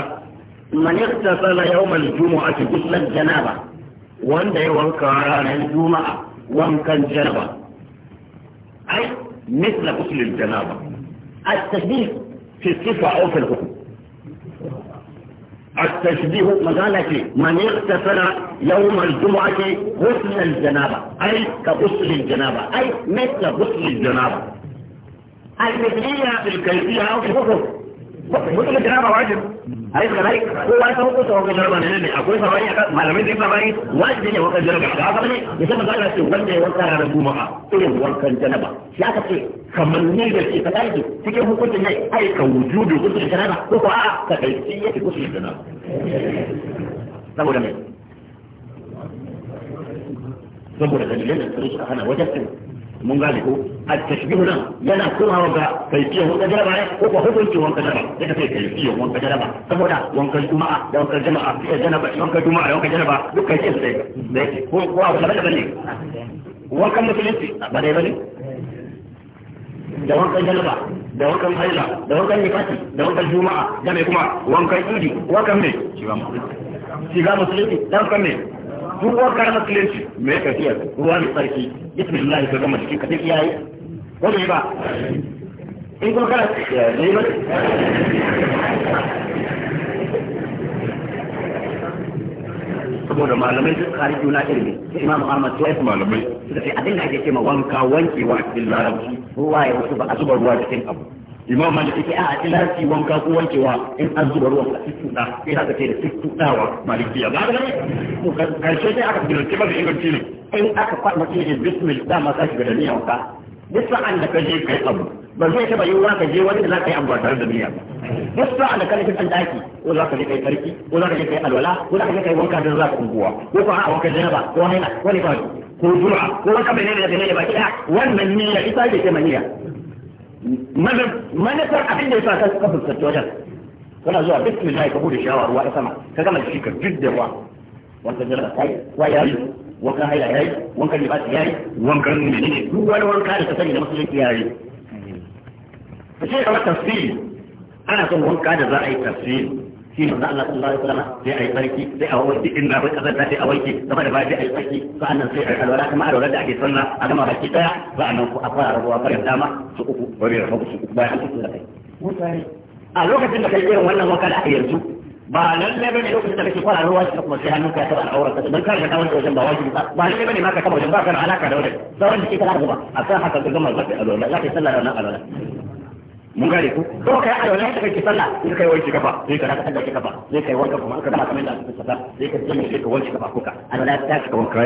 من اغتسل يوم الجمعه غسل الجنابه وان يوم كان الجمعه وان كان جنبه اي مثل غسل الجنابة التشبيه في الصفة أو في الغسل التشبيه مقالة من اغتسل يوم الجمعة غسل الجنابة أي كغسل الجنابة أي مثل غسل الجنابة المثلية في الكيفية أو في الغسل mutum jaraba wajib ai sabai kowa ya hukunta wa jaraba ne ne akwai sabai aka malamai da sabai wajibi ne wakan jaraba da haka ne ya san Allah ce wanda ya wanka ranar juma'a irin wankan janaba ya ka ce kamar ne da ke kada ki cikin hukuncin ne ai ka wujudu hukuncin janaba ko ko a'a ka kai shi yake hukuncin janaba saboda me saboda dalilin da suka hana wajen mun gane ko التشبيه نعم ينا كلها وانك كيفية وانك جربة هو حكمك وانك جربة لك في كيفية وانك جربة سبودا وانك جماعة وانك جماعة جنبة وانك جماعة وانك جنبة دك كيفية ليك هو واو لبدا بني وانك مسلمتي بدا بني da wankan jalaba da wankan haila da wankan nifasi da wankan juma'a da mai kuma wankan idi wankan mai shiga musulunci mai duk wankan musulunci mai tafiya ruwa mai tsarki ka gama cikin kafin iyaye ko ba in kuma kana ne ba saboda malamai duk kare juna ilimi imam ahmad to malamai suka ce abin da ake ce ma wanka wankewa a cikin larabci ruwa ya wasu ba a zuba ruwa cikin abu imam malik a cikin larabci wanka ko wankewa in an zuba ruwa a cikin da sai aka ce da cikin dawa malikiya ba ga to karshe sai aka ce ba da inganci ne in aka kwada mutum bismillah ma sai ga dani wanka duk sa'an da ka je kai abu ba zai taba yiwuwa ka je wani da za ka yi abu tare da duniya ba duk sa'an da ka nufi ɗan ɗaki ko za ka je kai sarki ko za ka je kai alwala ko za ka je kai wanka don za ka unguwa ko kuma a wanka janaba ko haina ko ne kawai ko jura ko wanka bai ne da bai ne ba kiɗa wannan niyya ita ce ta maniya manufar abin da ya sa ka fuskanci wajen kana zuwa bismillah ka bude shawar ruwa ta sama ka gama shi ka jidda ruwa wanda jira da kai wa ya yi wankan haila yayi wankan libasi yayi wankan menene duk wani wanka da ka sani da musulunci yayi ka ce kamar tafsiri ana son wanka da za a yi tafsiri shi ne da Allah sallallahu alaihi wasallam sai a yi sarki sai a wanke in da kasa da sai a wanke gaba da baya sai a yi sarki sa'annan sai a yi alwala kuma alwala da ake sanna a gama baki daya sa'annan ku a fara rabuwa farin dama su uku bari rabu su uku bayan su da kai a lokacin da kai irin wannan wanka da ake yanzu ba lalle bane lokacin da kake fara ruwa da kuma sai hannunka ya taba al'aurar ka dan kare ka wajen ba wajibi ba ba lalle bane ma ka taba wajen ba alaka da wajen sauran da kike kana gaba akan haka ka gama zaka alwala zaka sallah da alwala mun gane ku ko kai alwala kake sallah sai kai wanki ka raka sai ka gama kamar da kake sai ka tsaya ka wanki kafa kuka alwala ta ka wanka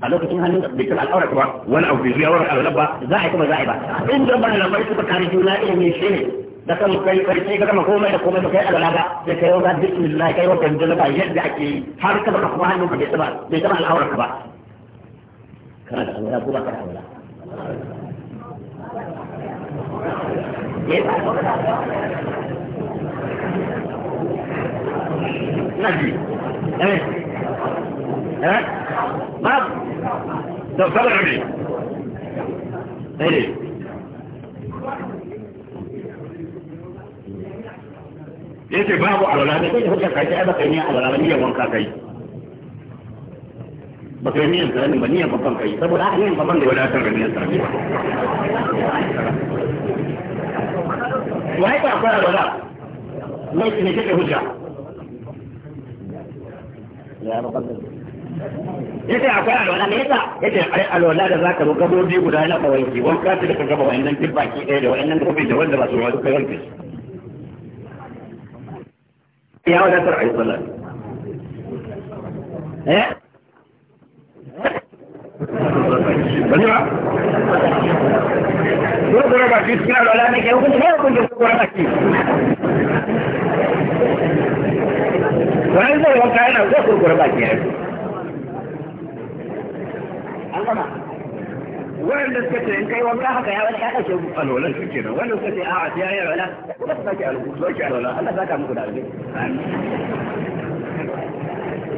a lokacin hannun da bikin al'aurar ba wani abu bai zuwa wani alwala ba za a yi kuma za a yi ba in da ban lamari suka kare juna ilimi shi da kan kai kai sai ka gama komai da komai kai alwala ba sai kai wa bismillah kai wa tanjala ba yadda ake yi har ka baka kuma hannun ka bai taba bai taba al'aurar ka ba kana da alwala ko ba ka da alwala Naji. Eh. Eh. Babu. Da sabar ne. Eh. yace babu alwala ne kai da hujja kai ai baka yi alwala ba niyyar wanka kai baka yi niyyar karamin ba niyyar babban kai saboda haka niyyar babban da wadatar da niyyar karamin wai ba akwai alwala mai ne kake hujja ya ba yace akwai alwala ne yasa yace ai alwala da zaka zo gabobi guda na kawai wanka ta da ka gaba wa'annan tibba ki ɗaya da wa'annan gobe da wanda ba su wani kai wanke يا ولا ترعي صلاة ايه بنجمع يرد ربع في سكين على العلامة كي يوكل ما يوكل جسد ولا مكتب وعندما يوقعنا وزاكل قربات يعني الله wanda suka ce in kai wanka haka ya wani ya ɗauke alwalan su kenan wanda suka ce a'a sai ya yi alwala kuma su sake alwala alwala Allah saka muku da alheri manzo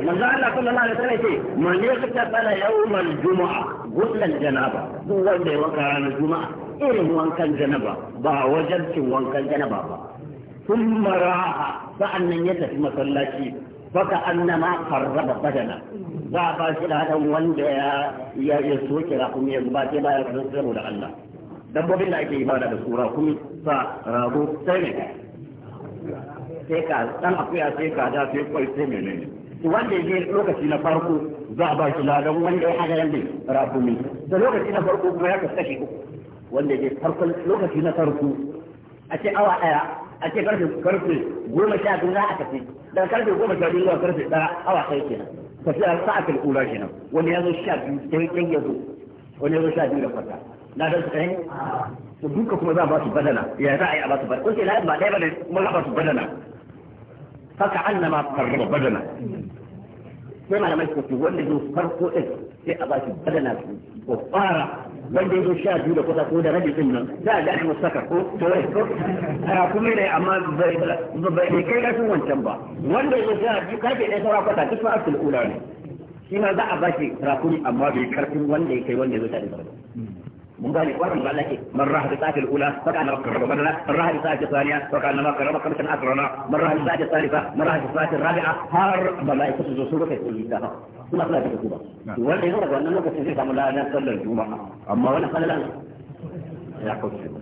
Allah sallallahu alaihi wasallam ce man yaqtala yawmal jumu'a guslan janaba duk wanda ya wanka ranar juma'a irin wankan janaba ba wajabcin wankan janaba ba ثم راح فأن يدف مصلاتي فكأنما قرب بدنا za a ba shi ladan wanda ya ya ya soke rakumi ya zuba ce baya kan tsaro da Allah dabbobin da ake ibada da su rakumi sa rago sai ne sai ka dan akuya sai ka da sai kwai sai menene wanda ya je lokaci na farko za a ba shi ladan wanda ya haɗa yanzu rakumi da lokaci na farko kuma ya kaskashi uku wanda ya je farkon lokaci na farko a ce awa ɗaya a ce karfe goma sha biyu za a tafi daga karfe goma sha biyu zuwa karfe ɗaya awa kai kenan فسي على الساعه الاولى جنا وني هذا الشاب يستهين يدو وني هذا الشاب يلقى لا هذا الشاب سبوك كما ذا باس بدنا يا داعي على سبر قلت لا ما دائما ما لا باس بدنا فكأنما قرب بدنا ما لما يسكت يقول لي فرق اسم sai a bashi badana su ko fara wanda ya zo sha biyu da kusa ko da rabi din nan za a ga an saka ko tawai ko a kuma ne amma bai bai kai rashin wancan ba wanda ya zo sha biyu karfe ɗaya saura kwata duk ma asali ula ne shi ma za a bashi rakumi amma bai karfin wanda ya kai wanda ya zo sha biyu من ذلك وقت قال لك من راه بساعة الأولى فكان ربك ربنا من راه بساعة الثانية فكان ربك ربك مثل أكرنا من راه بساعة الثالثة من راه بساعة الرابعة هار ملائكة سورة الأولى ثم ثلاثة الكوبة ولا يقول لك أن النبي سيجي لا نصلي الجمعة أما ولا قال لا يا قدس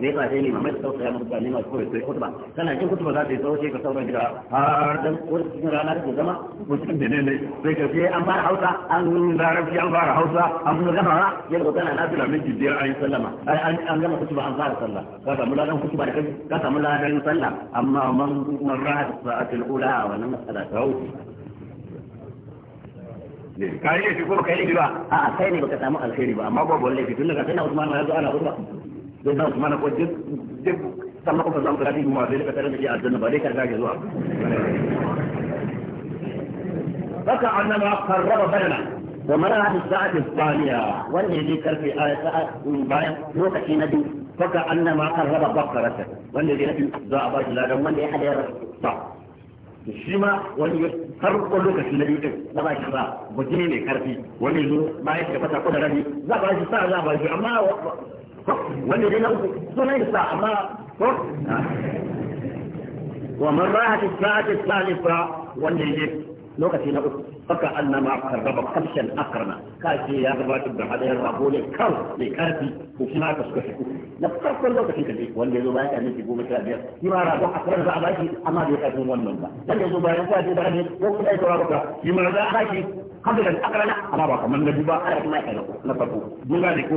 me sai ne mai tausaya musu ba ne masu kawai sai kutuba kana jin kutuba za ta yi tsawo sai ka sauran gida har dan cikin da ko cikin da ne sai ka sai an fara hausa an larabci an fara hausa an kuma gama yadda kana min sallama an gama an fara sallah ka samu ladan kutuba da kai ka samu ladan sallah amma man man sa'atul ula wa masala ta ka yi shi ba kai ne baka samu alheri ba amma babu wallahi tun daga sai na Usman ya zo ana hurba don nan kuma na ko duk duk san mako zan ka dadi kuma sai ka tare da shi aljanna ba dai ka ga zuwa baka annama qarraba badana ومرأة الساعة الثانية والذي ذكر في آية باية لوكا نبي فكأنما قرب بقرة والذي نبي ذا أبا جلالا والذي أحد يرسل shima wani farko lokaci na biyu da ba shi ba bujini mai karfi wani zo bayan shi da fata ko da rabi za ba shi sa za ba shi amma wanda dai na uku sunan sa amma ko wa man raha fi sa'ati salisa wanda yake lokaci na uku faka annama karraba kamshan akarna kace ya gabatar da hadayar rabo ne kan mai karfi ko kuma ka suka shi na farkon lokacin da wanda yazo bayan kan ki goma sha biyar shi ma rabo akarna za a baki amma bai karfin wannan ba wanda yazo bayan kwa da ne ko kuma ai tawaba ka shi ma za a baki kabila akarna amma ba kaman da duba ai kuma ai na farko duba ne ko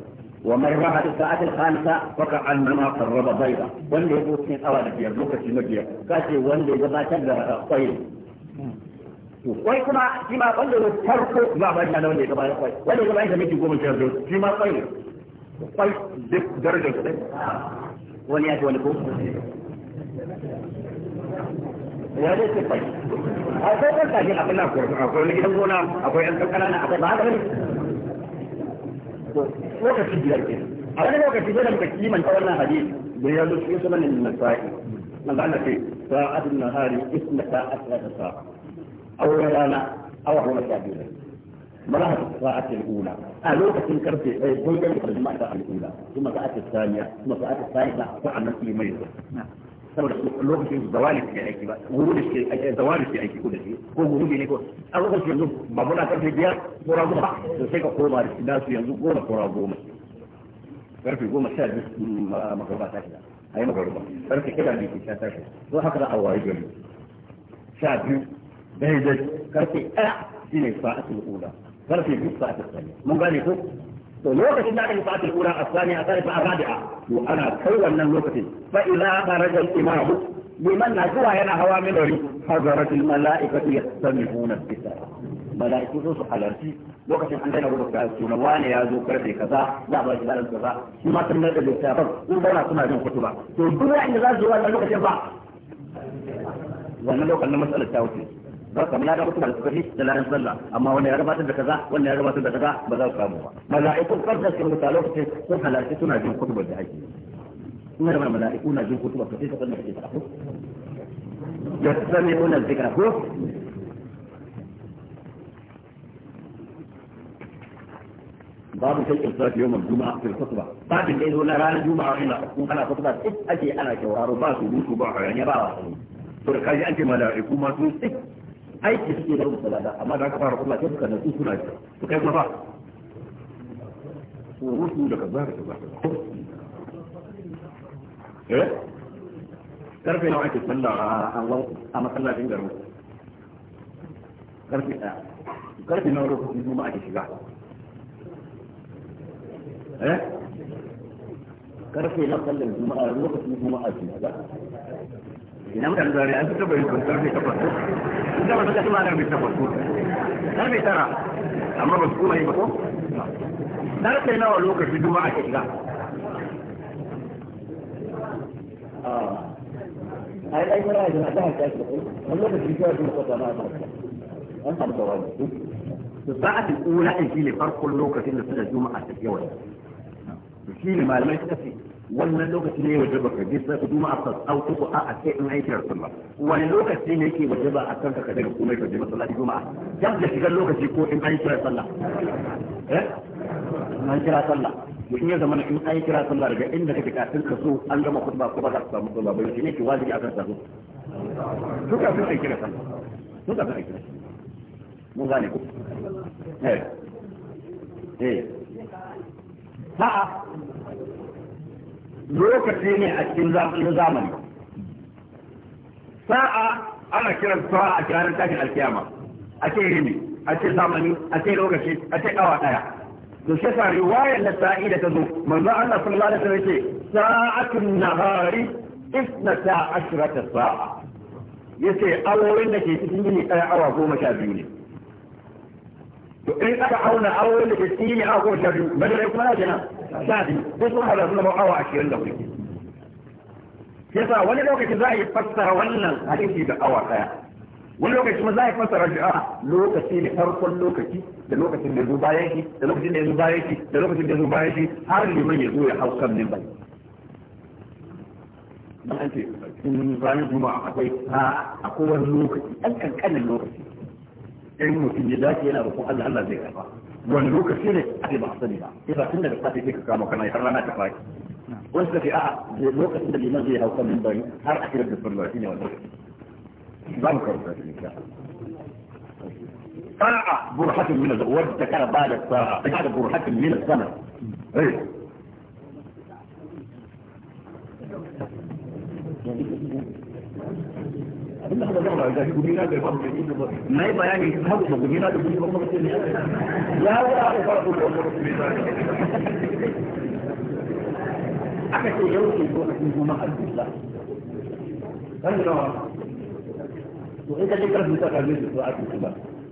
ومن راح الساعة الخامسة فقع عن ما قرب ضيقة واللي هو سنة أولا في المكة في المجية كاسي واللي جبا تبدأ طيب وي كما فيما قلت له ترك ما بجنا له واللي جبا يقوي واللي جبا يجب يجب يقوم الجرد فيما طيب طيب دف درجة واللي يجب أن يكون وليس طيب هذا هو الكاسي أقول لك أقول لك أقول لك أقول لك أقول لك أقول لك أقول لك أقول لك أقول لك lokaci biyar ke a wani lokaci dole muka kimanta wannan hadisi da ya zo cikin sunan nasa'i manzo Allah ce sa'atun nahari isna sa'at la sa'a aw rana aw huwa sabila ملاحظ الساعة الأولى ألوك تنكر في بلغة الجماعة الأولى ثم ساعة الثانية ثم ساعة الثالثة ساعة نفسي ميزة saboda lokacin zawali ke aiki ba wuri ke aiki zawali ke aiki ko da shi ko wuri ne ko a lokacin yanzu ba muna karfe biyar kora goma to sai ka koma da shi nasu yanzu goma kora goma karfe goma sha biyu magarba ta shiga a yi magarba karfe kada ne ke sha ta shiga to haka za a wayi gari sha biyu daidai karfe ɗaya shi ne sa'atul ula karfe biyu sa'atul sani mun gane ko to lokacin da aka yi sa'atul ula asaniya asaniya arabi'a to ana kai wannan lokacin fa idza kharaja al-imam liman na zuwa yana hawa minari hazaratul mala'ikatu yastamihuna al-kitab mala'iku sun su halarci lokacin an daina rubuta sunan wane ya zo karfe kaza za a ba shi balance kaza shi ma sun mai da littafin sun zauna suna jin kutuba to duk wanda za su zo wannan lokacin ba wannan lokacin na matsalar ta wuce za ka mula da mutum da suka yi da lanar sallah amma wanda ya gabatar da kaza wanda ya gabatar da kaza ba za su samu ba mala'ikun karda sun mutu lokacin sun halarci suna jin kutubar da ake ina da mala'iku na jin kutubar da sai ka sanna kake ko ya sani wannan zikra ko babu sai kirsa yau mai juma'a fil khutba babin da yazo na ranar juma'a ina kun ana khutba duk ake ana shauraro ba su rutu ba hayaniya ba wa to da kaji an ce mala'iku ma sun tsik aiki suke da rubuta lada amma da aka fara kula sai suka nasu suna ji suka yi gaba rusu da kaza da kaza eh karfe nawa ake sanda a masallacin garin karfe daya karfe nawa lokacin kuma ake shiga eh karfe na sallar juma'a lokacin juma'a ce الأولى أن في لفرق اللوكة في الجمعة في الجوية. في لما لم يستفيد. wannan lokaci ne waje baka ji sai kuma a fas au ko a a sai in aiki rasul wani lokaci ne yake waje ba a kan ka daga kuma ka je masallaci juma'a dan da shigar lokaci ko in aiki rasul eh an kira sallah eh? in ya zama in an kira sallah daga inda kake kafin ka so an gama khutba ko ba za ka samu sallah ba shi ne ke wajibi akan sa duka sun ai kira sallah duka sun ai kira mun gane ko eh eh a'a lokaci ne a cikin zamani sa'a ana kiran sa'a a ranar tashin alkiyama a ce rini a ce zamani a ce lokaci a ce awa daya to shi sa riwaya na sa'i da ta zo manzo Allah sallallahu alaihi wasallam ce sa'atun nahari isnata ashrata sa'a yace awoyin da ke cikin gini daya awa goma sha biyu ne to in aka auna awoyin da ke cikin gini awa goma sha biyu ba da kuma na kenan sadi ko sun hada su zama awa ashirin da kuke yasa wani lokaci za a yi fassara wannan hadisi da awa daya wani lokaci kuma za a yi fassara shi ah, lokaci ne farkon lokaci da lokacin da zo bayan shi da lokacin da ya zuba bayan da lokacin da ya zuba bayan har liman ya zo ya hau kan min bai dan an ce in ranar juma'a akwai a ah, akwai wani lokaci dan kankanin lokaci in mutum ya dace yana roƙon Allah Allah zai karba wani lokaci ne ake ba a sani ba sai ba tun daga safe sai ka kama kana har rana ta fara wani tafi a lokacin da liman zai hau kan mimbari har a kira da sallah shine wannan za mu karanta shi insha ساعة برهة من الزمن وانت كان بعد الساعة بعد برهة من السنة ايه Thank you. inda ka zama ga shi gumi na da ban na yi bayani har da gumi na da gumi ba kuma sai ya ga aka fara ko aka ce yau ke ko a cikin ma'aikata kan da to in ka je karfin ta kalme su a cikin ba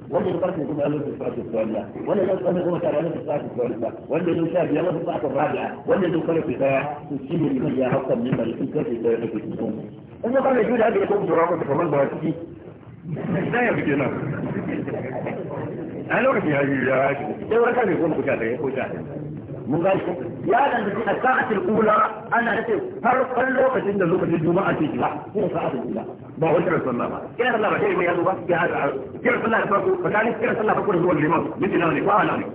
wanda ya farko kuma Allah subhanahu wa ta'ala wanda ya tsaya kuma tare da subhanahu wa ta'ala wanda ya tsaya biyar subhanahu wa ta'ala wanda ya tsaya fi daya to shi ne ya hakka min da in ka fi daya da kuma in ya fara juda da ya kuma turawa da kamar ba ciki dan ya fike nan a lokacin ya juya ya shi sai wani kare kuma kuta da ya kuta mun ga shi ya dan da a sa'atul ula ana nace har kan lokacin da lokacin juma'a ce ba ko sa'atul ula ba wata sallah ba kira sallah ba sai mai yazo ba ya kira sallah da farko tsakanin kira sallah farko da zuwa liman miji nawa ne ba ala ne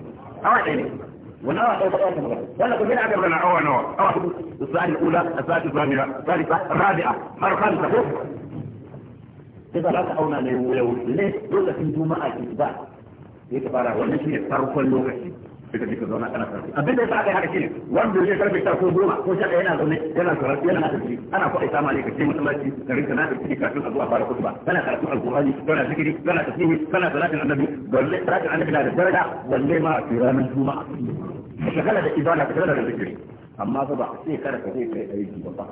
awa ne والنار سوف تأخذ الله ولا كل عجب لنا أول نور أخذ الصلاة الأولى الثالثة الثانية الثالثة الرابعة مرة خامسة خوف إذا لا تأونا نيو ليه دولة في دوما أجل بعد يتبارا ونشي يتطرق كل نور إذا ديك الزونا أنا سرسي أبدا يتعطي هذا كيلي وانبو يجي كلب يتطرق كل دوما كون شاك هنا زوني يلا سرسي يلا نتبري أنا أقول إسلام عليك الشيء مسلسي نريد أن نتبري كاتل أدوى بارك وطبع فلا ترى سوء القرآن فلا ذكري فلا تسليه فلا صلاة النبي قل لي تراجع shagala da ibada ka shagala da zikiri amma fa ba sai kada ka sai kai aiki ba ba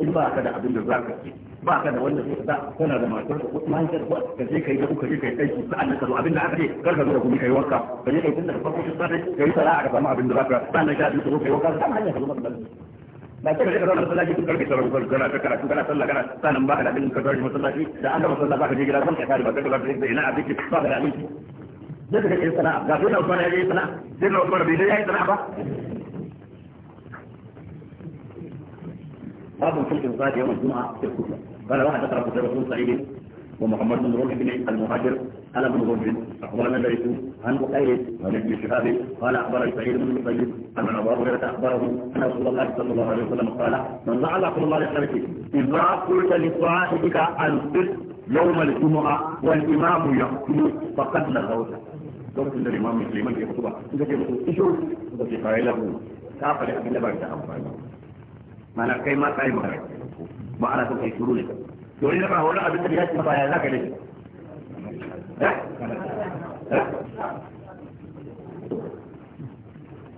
in ba ka da abin da zaka ci ba ka da wanda zai da kana da matar ko kuma ka ka sai kai da kuka je kai aiki sa'an ka zo abin da aka ce kar ka zo da kuma kai wanka ka je kai tun da farko shi sai kai sana'a ka samu abin da zaka sa'an ka zo kai wanka sa'an hanya ka zo masallaci ba kai da zauna masallaci kun karfe sauran kun kana ta karatu kana sallah kana sanan ba ka da abin ka zo masallaci da an ga masallaci ba ka je gida zan ka kare ba ka da ina abin ba ka da abin zai ka yi sana'a ga sai na usman ya yi sana'a باب في الإنصات يوم الجمعة في الكوفة قال واحد أقرأ في رسول سعيد ومحمد بن روح بن المهاجر أنا بن روح أخبرنا الليث عن بقير عن ابن شهاب قال أخبر سعيد بن المسيب أن أبا هريرة أخبره أن رسول الله صلى الله عليه وسلم قال من جعل رسول الله لخلفه إذا قلت لصاحبك عن الصدق يوم الجمعة والإمام يخطب فقد لغوته lokacin da limamin liman ke kutuba in kake musu isho da ke fara lahu ta fara abin da ba ta amfani mana kai ma tsayi ba ba ana son kai shuru ne to ne ba wani abin da ya ci ba ya zaka ne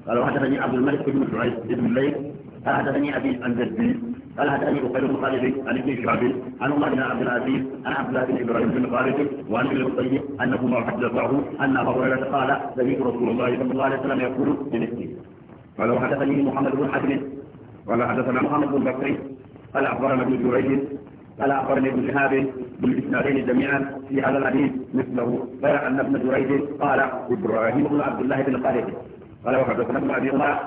قال وحدثني عبد الملك بن سعيد بن الليث حدثني ابي الانزبي قال حدثني أبي بن خالد عن ابن شعب عن عمر بن عبد العزيز عن عبد الله بن إبراهيم بن خالد وعن ابن الطيب أنه ما حدثه أن أبا هريرة قال سمعت رسول الله صلى الله عليه وسلم يقول بمثله قال وحدثني محمد بن حزم قال حدثنا محمد بن بكر قال أخبرنا ابن جريج قال أخبرني ابن شهاب بالإسنادين جميعا في هذا الحديث مثله غير أن ابن جريج قال إبراهيم بن عبد الله بن خالد قال وحدثنا ابن أبي عمر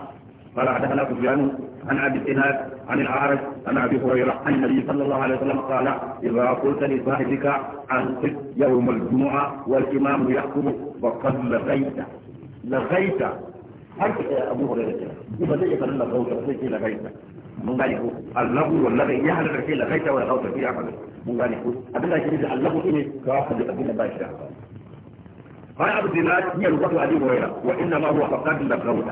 قال حدثنا سفيان عن ابي الاناث عن العارف عن ابي هريره عن النبي صلى الله عليه وسلم قال اذا قلت لصاحبك عن يوم الجمعه والامام يحكم فقد لغيت لغيت حتى ابو هريره hore da ke ba لغيت iya faɗin lagauta zai ce lagaita mun gane ko allahu wallahi ya halaka ce lagaita wa lagauta fi amal mun gane ko قال أبو الزناد هي لغة أبي هريرة وإنما هو فقد لغوت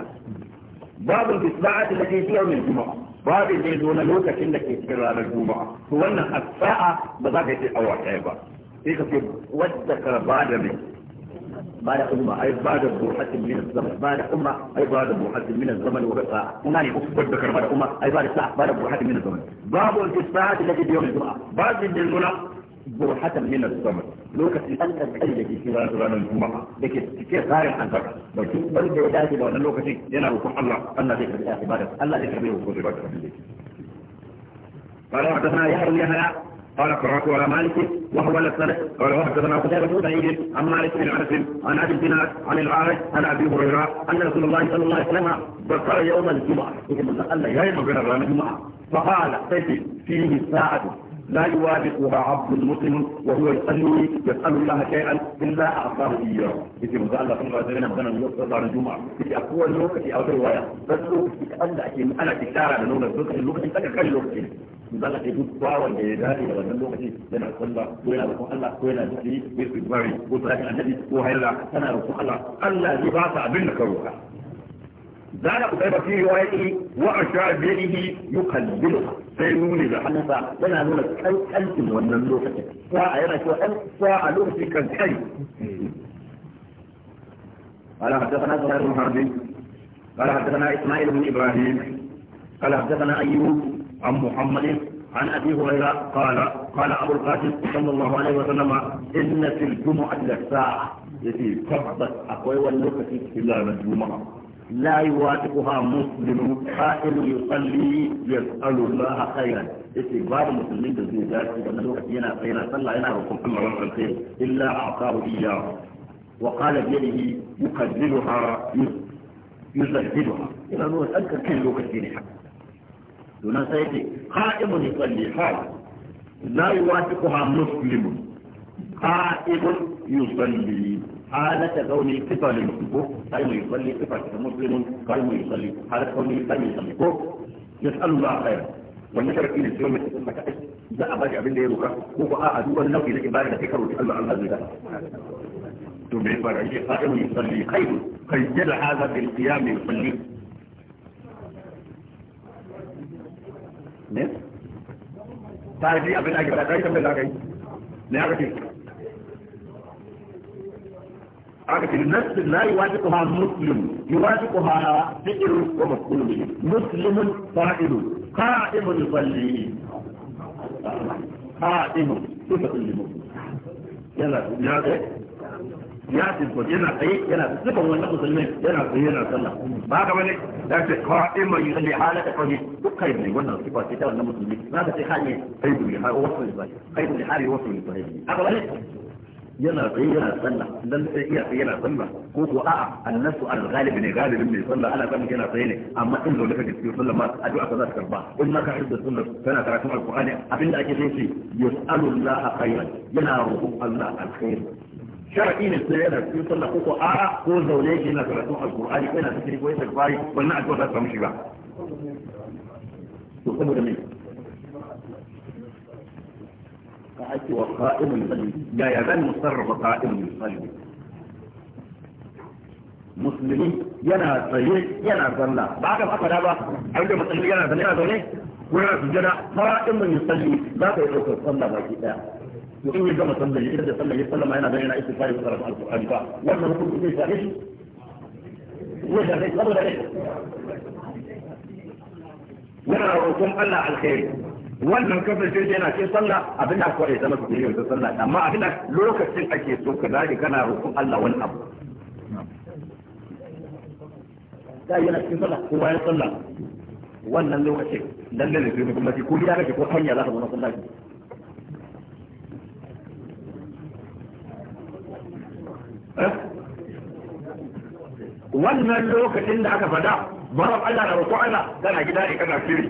بعض البسبعة التي فيها من الجمعة باب اللي دون لوكة كنك يتكرر على الجمعة هو أن أكفاء بضافة الأوحيبة في إيه قصير وذكر بعد من بعد أمة أي بعد بوحة من الزمن بعد أمة أي بعد بوحة من الزمن وغطاء هناني وذكر بعد أمة أي بعد ساعة بعد بوحة من الزمن بعض البسبعة التي فيها من الجمعة باب اللي دون جرحة من الزمن lokacin an karkari da ke kira da ranar juma'a da ke cike tsarin albarka da ke bari da ya dace da wannan lokacin yana roƙon Allah Allah zai karbi ibada Allah zai karbi roƙon ibada قال حدثنا يحيى بن يحيى قال قرات على مالك وهو السند قال وحدثنا قتيبة بن سعيد عن مالك بن انس عن ابي الدينار عن العارج عن ابي هريره ان رسول الله صلى الله عليه وسلم بصر يوم الجمعه يقول الله يا يوم الجمعه فقال طيب، فيه ساعه لا يوافقها عبد مسلم وهو يصلي يسأل الله شيئا إلا أعطاه إياه في مزال الله صلى الله عليه وسلم بنا يوصل على الجمعة في أقوى اللغه في اخر رواية بس لوكتي أنا في أكيد أنا تكتارا لنولا لوكتي لوكتي تكتارا لوكتي مزال الله يقول باوان جيداتي لغدا لوكتي لنا صلى وينا رسول الله وينا جسري ويسكي دماري وصلاة النبي وهلا أنا رسول الله ألا يبعث منك روحا ذلك قتيبة في روايته وأشعر بيده يقلبها sai da hannunsa yana nuna kankancin wannan lokacin sa'a yana cewa ɗan sa'a lokaci kankai قال حدثنا زهير بن حرب قال حدثنا اسماعيل بن ابراهيم قال حدثنا ايوب عن محمد عن ابي هريره قال قال ابو القاسم صلى الله عليه وسلم ان في الجمعه الساعه التي تفضل اقوى ولوكتي الا الجمعه لا يوافقها مسلم قائم يصلي يسأل الله خيرا بعض المسلمين بالزيادات ينا خيرا صلى ينا ركن الله وانت الخير إلا أعطاه إياه وقال بيده يقدرها يزهدها إلى نور أذكر كل كثير حق دون سيدي قائم يصلي حال لا يوافقها مسلم قائم يصلي حالة كون الكفر المسلم قائم يصلي كفر مسلم قائم يصلي حالة كون قائم يصلي يسأل الله خيرا والمشركين اليوم ما تعيش ده أبدا أبدا يروح هو قاعد هو النبي لكن بعد ذلك كانوا الله عز وجل تبعي فرعي قائم يصلي خير خير هذا بالقيام يصلي نعم ta yi abin da ake ba ta yi tambayar da عارف النفس لا يوافقها مسلم يوافقها فئر ومفعول به مسلم قائل قائم يصلي قائم صفة لمسلم يلا يا ايه ya tinko yana tsaye yana zuba wannan musulmi yana tsaye yana sallah ba ka bane da ce qa'ima yusalli halata qawmi dukkan ne wannan sifa ce ta wannan musulmi za ka ce hali aibu li hali wasu ne ba aibu li hali wasu ne ba haka bane yana tsaye yana sallah dan sai iya tsaye yana sallah ko ko a'a annasu al-ghalib ne galibin mai sallah ana san yana tsaye ne amma in zo daga cikin sallah ma addu'a ka za ta karba in ma ka hidda sunna kana karatu al-qur'ani abinda ake sai shi yas'alullaha khairan yana roƙon Allah al-khair shar'i ne sai yana cikin sallah ko ko a'a ko zaune yake yana karatu al-qur'ani ko yana cikin ko yana tafari wannan addu'a za ta samu shi ba to saboda me الصفحات وقائم القلب لا يزال مصر وقائم القلب مسلمي ينا صحيح ينا ظلا بعد ما قال هذا عنده مسلم ينا ظلا ظلا ولا سجدا قائم من يصلي لا يترك الصلاه باقي لا وان يجمع صلي اذا صلى يصلي ما ينا بيننا استفاده من القران القران ولا نقول اذا ايش وجه ليس قبل ذلك ونرى الله الخير wannan kasance yana cin sallah abin da aka zama su yi yanzu sallah amma abin da lokacin ake so ka zage kana roƙon Allah wani abu da yana cin sallah ko bayan sallah wannan lokacin lalle ne zai kuma ko gida kake ko hanya za ka zama sallah eh? wannan lokacin da aka fada bayan Allah na roƙon Allah kana gida ne kana shiri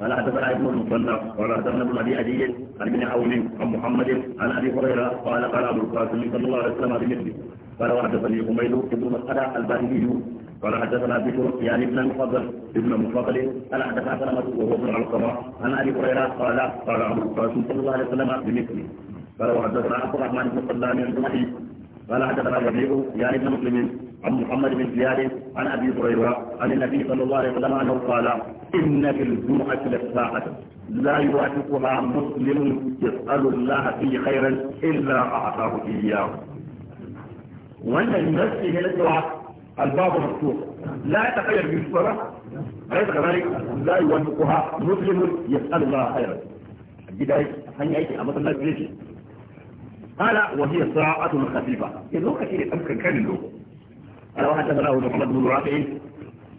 قال حدثنا ابن المصنف قال حدثنا ابن ابي عدي عن ابن عون عن محمد عن ابي هريره قال قال ابو القاسم صلى الله عليه وسلم بمثله قال وحدثني حميد بن مسعد الباهلي قال حدثنا بكر يعني ابن المفضل ابن المفضل قال حدثنا سلمة وهو ابن علقمة عن ابي هريره قال قال ابو القاسم صلى الله عليه وسلم بمثله قال وحدثنا عبد الرحمن بن سلام بن قال حدثنا ربيع يعني ابن مسلم عن محمد بن زياد عن أبي هريرة عن النبي صلى الله عليه وسلم أنه قال إن في الجمعة لساعة لا يوافقها مسلم يسأل الله فيه خيرا إلا أعطاه إياه وأن المسجد الدعاء الباب مفتوح لا يتخير بالصلاة غير كذلك لا يوافقها مسلم يسأل الله خيرا بداية هني أي شيء الله قال وهي ساعة خفيفة اللغة كثير أمكن كان اللغة قال حدثنا ابو محمد بن رافع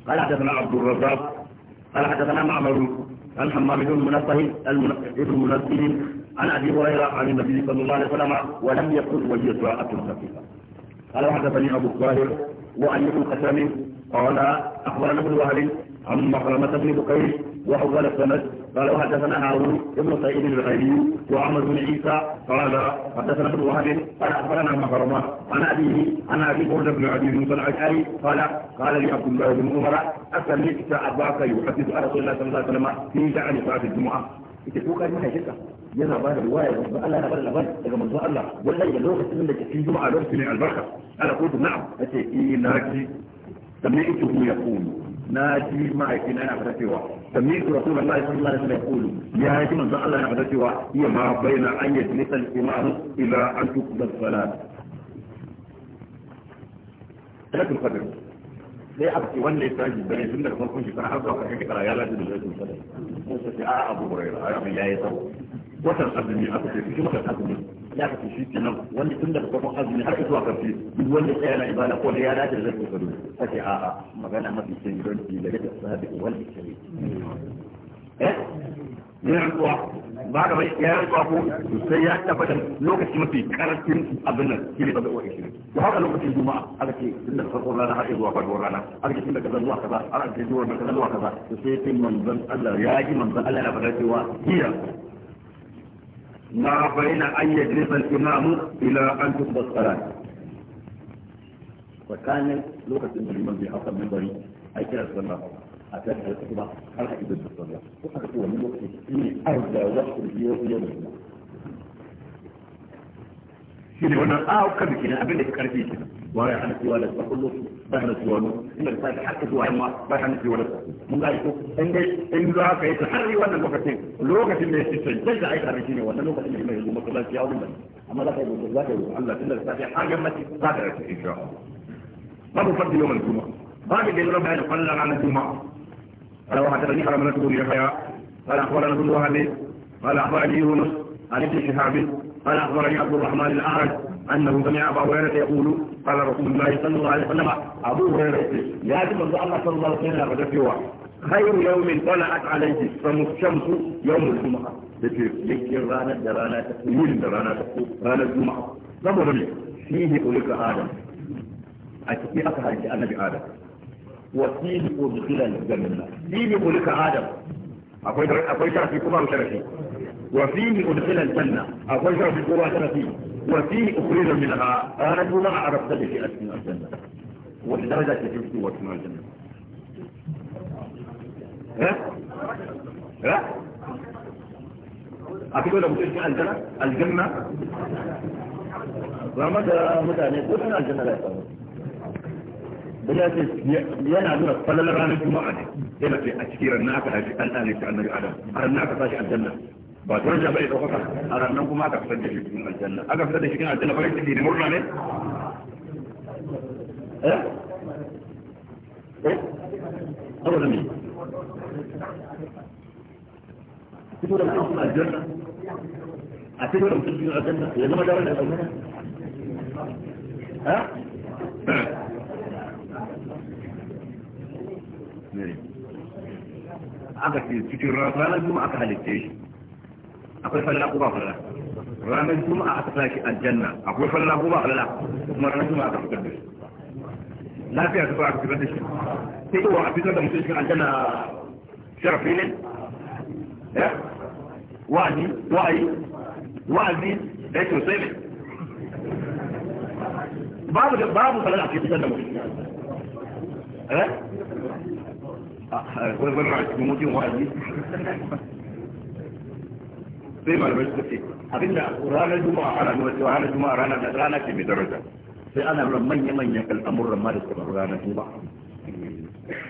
قال حدثنا عبد الرزاق قال حدثنا معمر عن حمام بن منبه ابن منبه عن ابي هريره عن النبي صلى الله عليه وسلم ولم يقل ولي قراءه خفيفه قال حدثني ابو الطاهر وعلي بن قسام قال اخبرنا ابن وهب عن مخرمه بن بقيس وحول السند قال وحدثنا هارون بن سعيد الغيبي وعمر بن عيسى قال حدثنا ابن وهب قال اخبرنا مخرمه عن ابيه عن ابي برده بن ابي موسى الاشعري قال قال لي عبد الله بن عمر اسمعت اباك يحدث عن رسول الله صلى الله عليه وسلم في شان صلاه الجمعه ita kokari mai shirka yana ba da ruwaya da manzo Allah na bar labari daga manzo Allah wallahi da lokacin da kake juma'a lokacin albarka ana kudu na'am kace سميت رسول الله صلى الله عليه وسلم يقول يا هاشم من الله يعبد هي ما بين ان يجلس الامام الى ان تقضى الصلاه. لك القدر sai aka ce wanda ya tashi bane tun farkon shekara har zuwa karshen shekara ya lafi da zai tsada ko sai a abu hurairah ya yi tsawo watan azumi aka cikin watan azumi ya ka shi ke nan wanda tun daga farkon azumi har zuwa karfi duk wanda ya yana ibada ko da ya dace da zai kokaro kace a a magana mafi sai don ki da daga sahabi wal ikri eh ne kuwa ba da bai ya kuwa ko sai ya tabbata lokaci mafi karfin abin nan ba da wani shi haka lokacin juma'a aka ce tun daga farkon rana har zuwa farkon rana aka ke tun daga kaza zuwa kaza aka ce zuwa kaza zuwa kaza to sai sai manzon Allah ya ji manzon Allah na faɗa cewa hiya ما بين أن يجلس الإمام إلى أن تقضى الصلاة وكان لغة في بحسب منبري أي كان الصلاة أتاك على الخطبة هل حكي ضد الصلاة وحكى هو من وقت في أرض وقت في يوم الجمعة. شنو هنا آه وكم كنا أبدا كارثي waya hana cewa da kullu ba hana cewa mu inda ta ta hakka zuwa amma ba hana cewa da mun ga ko in dai in za ka yi ta harri wannan lokacin lokacin da yake sai da aika ne wannan lokacin da mai zuwa kuma ya wuce amma za ka yi za ka yi Allah tunda ta ta har yamma za ka yi insha Allah babu fadli yawmal juma'a babu da yawmal bayan qallan ala juma'a قال وحدثني حرم بن تقول يحيى قال اخبرنا ابن وهب قال اخبرني يونس عن ابن شهاب قال اخبرني عبد الرحمن الاعرج أنه سمع أبا هريرة يقول قال رسول الله صلى الله عليه وسلم أبو هريرة يجب أن الله صلى الله عليه وسلم خير يوم طلعت عليه الشمس يوم الجمعة ذكر رانا درانا تقول درانا تقويل رانا الجمعة نظر لي فيه أولئك آدم أتكي أكهر النبي آدم وفيه أدخل الجنة فيه أولئك آدم أقول شرفي كما شرفي وفيه أدخل الجنة أقول شرفي كما شرفي وفيه أخرج منها أرجو ما عرفت به أسماء الجنة ولدرجة تجبت وأسماء الجنة ها؟ ها؟ أقول لك تشكي الجنة الجنة ومتى متى نقول الجنة لا يفعل بلاتس yana nuna falalar ranar juma'a ne yana ce a cikin ranar aka haifi an ɗane shi annabi adam ranar aka tashi aljanna ba daraja bai ɗaukaka a ranar kuma aka fitar da shi cikin aljanna aka fitar da shi cikin aljanna farin ciki ne murna ne eh eh saboda me fito da mutum aljanna a fito da mutum cikin aljanna ya zama daraja aljanna ha eh? aka ce cikin ranar kuma aka halitta shi akwai falla ko ba falla ranar juma'a aka saki aljanna akwai falla ko ba falla kuma ranar juma'a aka fitar da shi lafiya ta fara fitar da shi sai ko a fitar da mutum cikin aljanna sharafi ne wa'azi wa'ayi wa'azi da yake sosai ne babu da babu falla a fitar da mutum eh a wai wai ba cikin mutum wa'azi sai malamai suka ce abinda ranar juma'a ana nuna cewa ranar juma'a rana da rana ce mai daraja sai ana nuna manya-manyan al'amuran ma da suka faru ranar juma'a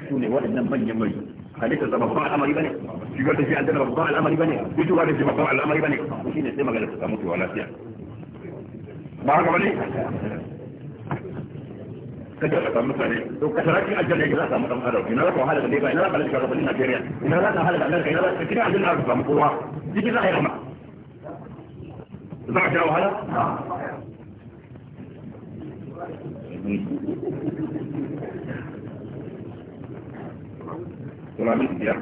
su ne waɗannan manya-manyan halitta zama babban al'amari bane shigar da shi an dana babban al'amari bane fitowa da shi babban al'amari bane shi ne sai magana ta samu tuwa lafiya ba haka bane kada ka samu mutane to ka sarki aljanna ne za ka samu dan adam ina za ka wahala da bai ina za ka lalace ka Najeriya ina za ka wahala da Amerika ina za ka kira aljanna ka samu kowa cikin za a yi rama za ka kira wahala ولا من اختيار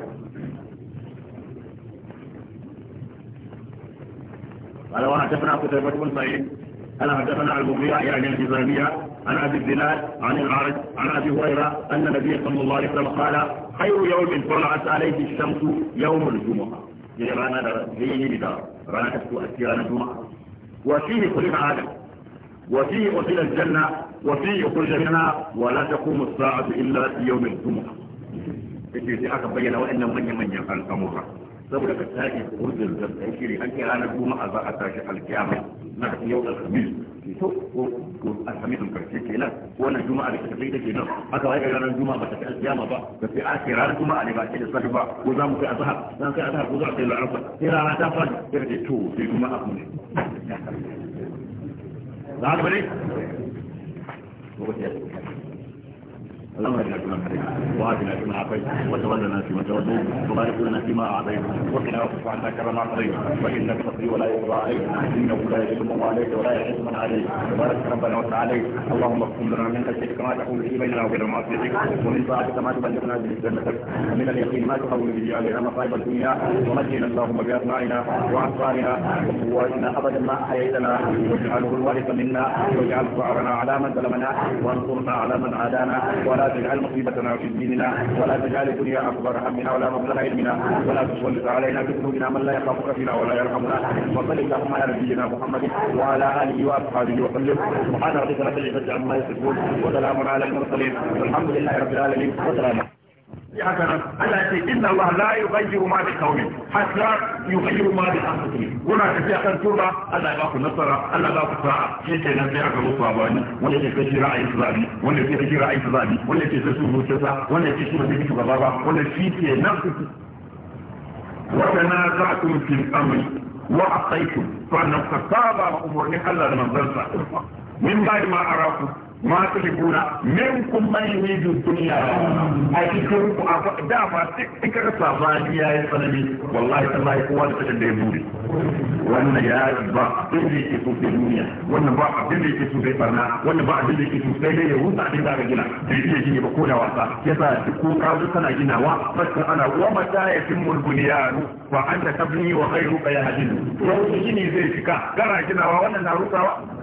قال وحدثنا قتيبة بن سعيد أنا حدثنا البقيع يعني الجزامية عن أبي الزناد عن العرج عن أبي هريرة أن النبي صلى الله عليه وسلم قال خير يوم طلعت عليه الشمس يوم الجمعة يعني رانا فيه بدار رانا تسكو أسيران الجمعة وفيه خلق آدم وفيه أدخل الجنة وفيه أخرج منها ولا تقوم الساعة إلا في يوم الجمعة. إذا أكبر بين وإن من يمن يفعل أمره. saboda ka tashi burjin da ta shiri an kira na juma'a za a tashi alkiyama na yau alhamis to ko ko alhamisin karshe kenan wannan juma'a da ta fita kenan aka wai ranar juma'a ba ta kai alkiyama ba da sai a kira juma'a ne ba ke da safi ba ko za mu kai azhar dan kai azhar ko za mu kai la'afa sai rana ta fadi sai da to sai juma'a mu ne za ka bane ko ta اللهم اجعلنا فيمن هديت وآتنا فيما عافيت وتولنا فيما توليت وبارك لنا فيما أعطيت وقنا وقف عنا شر ما قضيت فإنك تقضي ولا يقضى عليك إنه لا يذل عليك ولا يعز عليك وبارك ربنا وتعاليك اللهم اقسم لنا من خشيتك ما تحول به بيننا وبين معصيتك ومن طاعتك ما تبلغنا به جنتك من اليقين ما تحول به علينا مصائب الدنيا ومجينا اللهم بأسماعنا وأبصارنا وقواتنا أبدا ما أحييتنا واجعله الوارث منا واجعل شعرنا على من ظلمنا وانصرنا على من عادانا ولا تجعل مصيبتنا في ديننا ولا تجعل الدنيا اكبر همنا ولا مبلغ علمنا ولا تسلط علينا بذنوبنا من لا يخافك فينا ولا يرحمنا وصل اللهم على نبينا محمد وعلى اله واصحابه وسلم سبحان ربك رب العزه عما يصفون وسلام على المرسلين والحمد لله رب العالمين ألا إن الله لا يغير ما بقوم حتى يغير ما بأنفسهم في اخر ترى ألا يغاف النصر ألا لا تقرا شيء نبيعك الصابون ولا تجرى أي صابي ولا تجرى أي صابي ولا تجسوا مجسا ولا تجسوا بيت غبارا ولا شيء في نفسك وتنازعتم في الأمر وعصيتم فأنا استطاب أمرني ألا من بعد ما أراكم ma su libuna min kun man yuridu dunya a cikin ku a dama tikar sabani yayi sanani wallahi tallahi kowa da kadan da ya buri wannan ya ba abin da yake sosai duniya wannan ba abin da yake sosai sai barna wannan ba abin da yake sosai sai dai ya rusa a cikin ka gina bai iya gina ba ko da wasa yasa duk ko ka tana kana ginawa fasta ana wa mata ya fi mulbuniyanu wa da tabni wa kai khairuka ya hadidu yau gini zai fika kana ginawa wannan na rusawa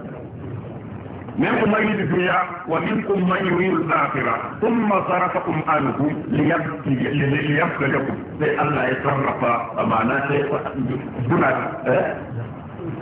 منكم من يريد الدنيا ومنكم من يريد الآخرة ثم صرفكم عنه ليبتليكم سي الله يصرف أمانات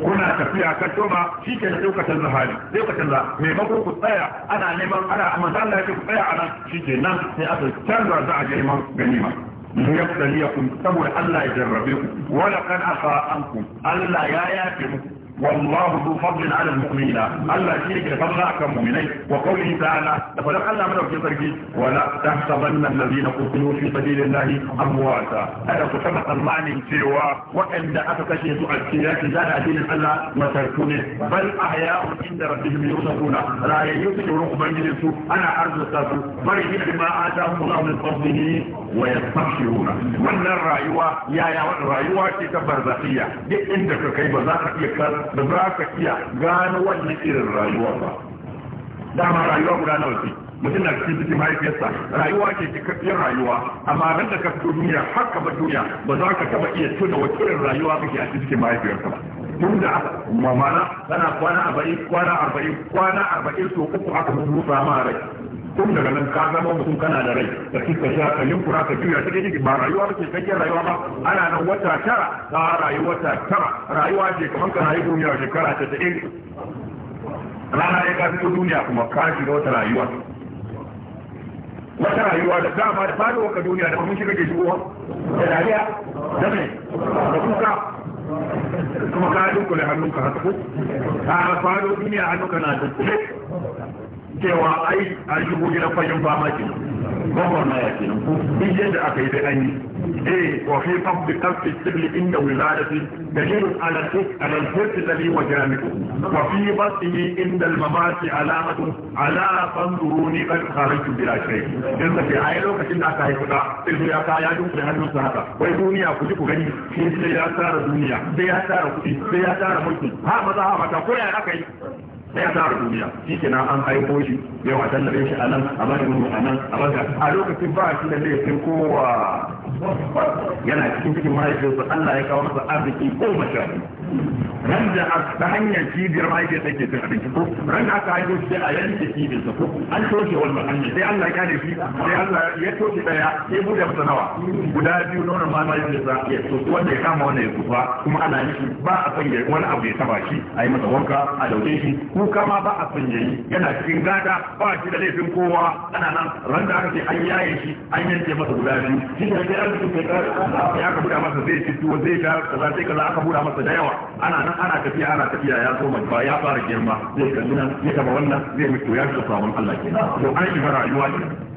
kuna tafiya kan toma shi ke da ɗaukar canza hali sai ka canza mai mako ku tsaya ana neman ana manzo Allah ya ku tsaya ana shi ke nan sai aka canza za a je neman ganima liyabtaliyakum saboda Allah ya jarrabe ku wala kan afa ankum Allah ya yafe muku والله ذو فضل على المؤمنين الله يشرك فضل كم مؤمنين وقوله تعالى لقد الله من وكيل تركي ولا تحسبن الذين قتلوا في سبيل الله امواتا هذا تسبق المعنى سوى وان اتكشف السياسه لا أدين الله وتركونه بل احياء عند ربهم يوسفون لا يوسف رقبا من السوء انا ارزقك بل بما اتاهم الله من فضله ويستبشرون من الرايوه يا يا الرايوه تكبر ذاتيه دي عندك كيف ذاك يكبر ba za ka iya gano wannan irin rayuwa ba dama rayuwa guda nawa wasu mutum na cikin cikin mahaifiyarsa rayuwa ce cikakkiyar rayuwa amma nan da ka fito duniya har ka ba duniya ba za ka taba iya tuna wa irin rayuwa kake a cikin mahaifiyarsa ba tun da mamana tana kwana arba'in kwana arba'in kwana arba'in so uku aka mutu ma rai tun daga nan ka zama mutum kana da rai da kika sha ka yunkura ka juya ta gidi ba rayuwa ba ce kake rayuwa ba ana nan wata tara ta rayu wata tara rayuwa ce kamar ka rayu duniya shekara ta ta'in rana ya ka fito duniya kuma ka shiga wata rayuwa wata rayuwa da dama da fadi waka duniya da kuma shiga ke shigowa da dariya da mai da kuka kuma ka dunkule hannunka haka ko ka fado duniya hannunka na dunkule cewa ai a shigo gidan fagen fama ke gwamnan na yake nan ko duk yadda aka yi da an yi eh wa fi qabd kaf sibl inda wiladati dalil ala ala al-hut alladhi wajaniku wa fi basmi inda al-mamati alamatu ala fanduruni qad kharajtu bila shay dan a yi lokacin da aka haifa da sai ya ka ya dunkule da hannun sa haka wai duniya ku ji ku gani sai ya tsara duniya sai ya tsara kuɗi sai ya tsara mulki ha maza ha mata ko ya aka yi sai a tsara duniya shi ke nan an haifo shi yau a tallabe shi a nan a bari mu a nan a bari a lokacin ba shi da laifin kowa yana cikin cikin mahaifinsu Allah ya kawo masa arziki ko mashafi ran da ta hanyar cibiyar mahaifiyar take cin abinci ko ran da aka haifo sai a yanke cibiyar ta ko an toshe wannan hanyar sai Allah ya kare shi sai Allah ya toshe daya sai buɗe masa nawa guda biyu nono ma mahaifiyar sa ya so wanda ya kama wani ya kufa kuma ana yi ba a san wani abu ya taba shi a yi masa wanka a dauke shi kuka ma ba a san yana cikin gada ba shi da laifin kowa ana nan ran da aka ce an yaye shi an yanke masa guda biyu shi ne sai an ya aka buɗa masa zai ci tuwo zai ga kaza sai kaza aka buɗa masa da yawa ana nan ana tafiya ana tafiya ya zo ba ya fara girma zai kalli nan zai gaba wannan zai mutu ya shiga sabon Allah kenan to an shiga rayuwa kenan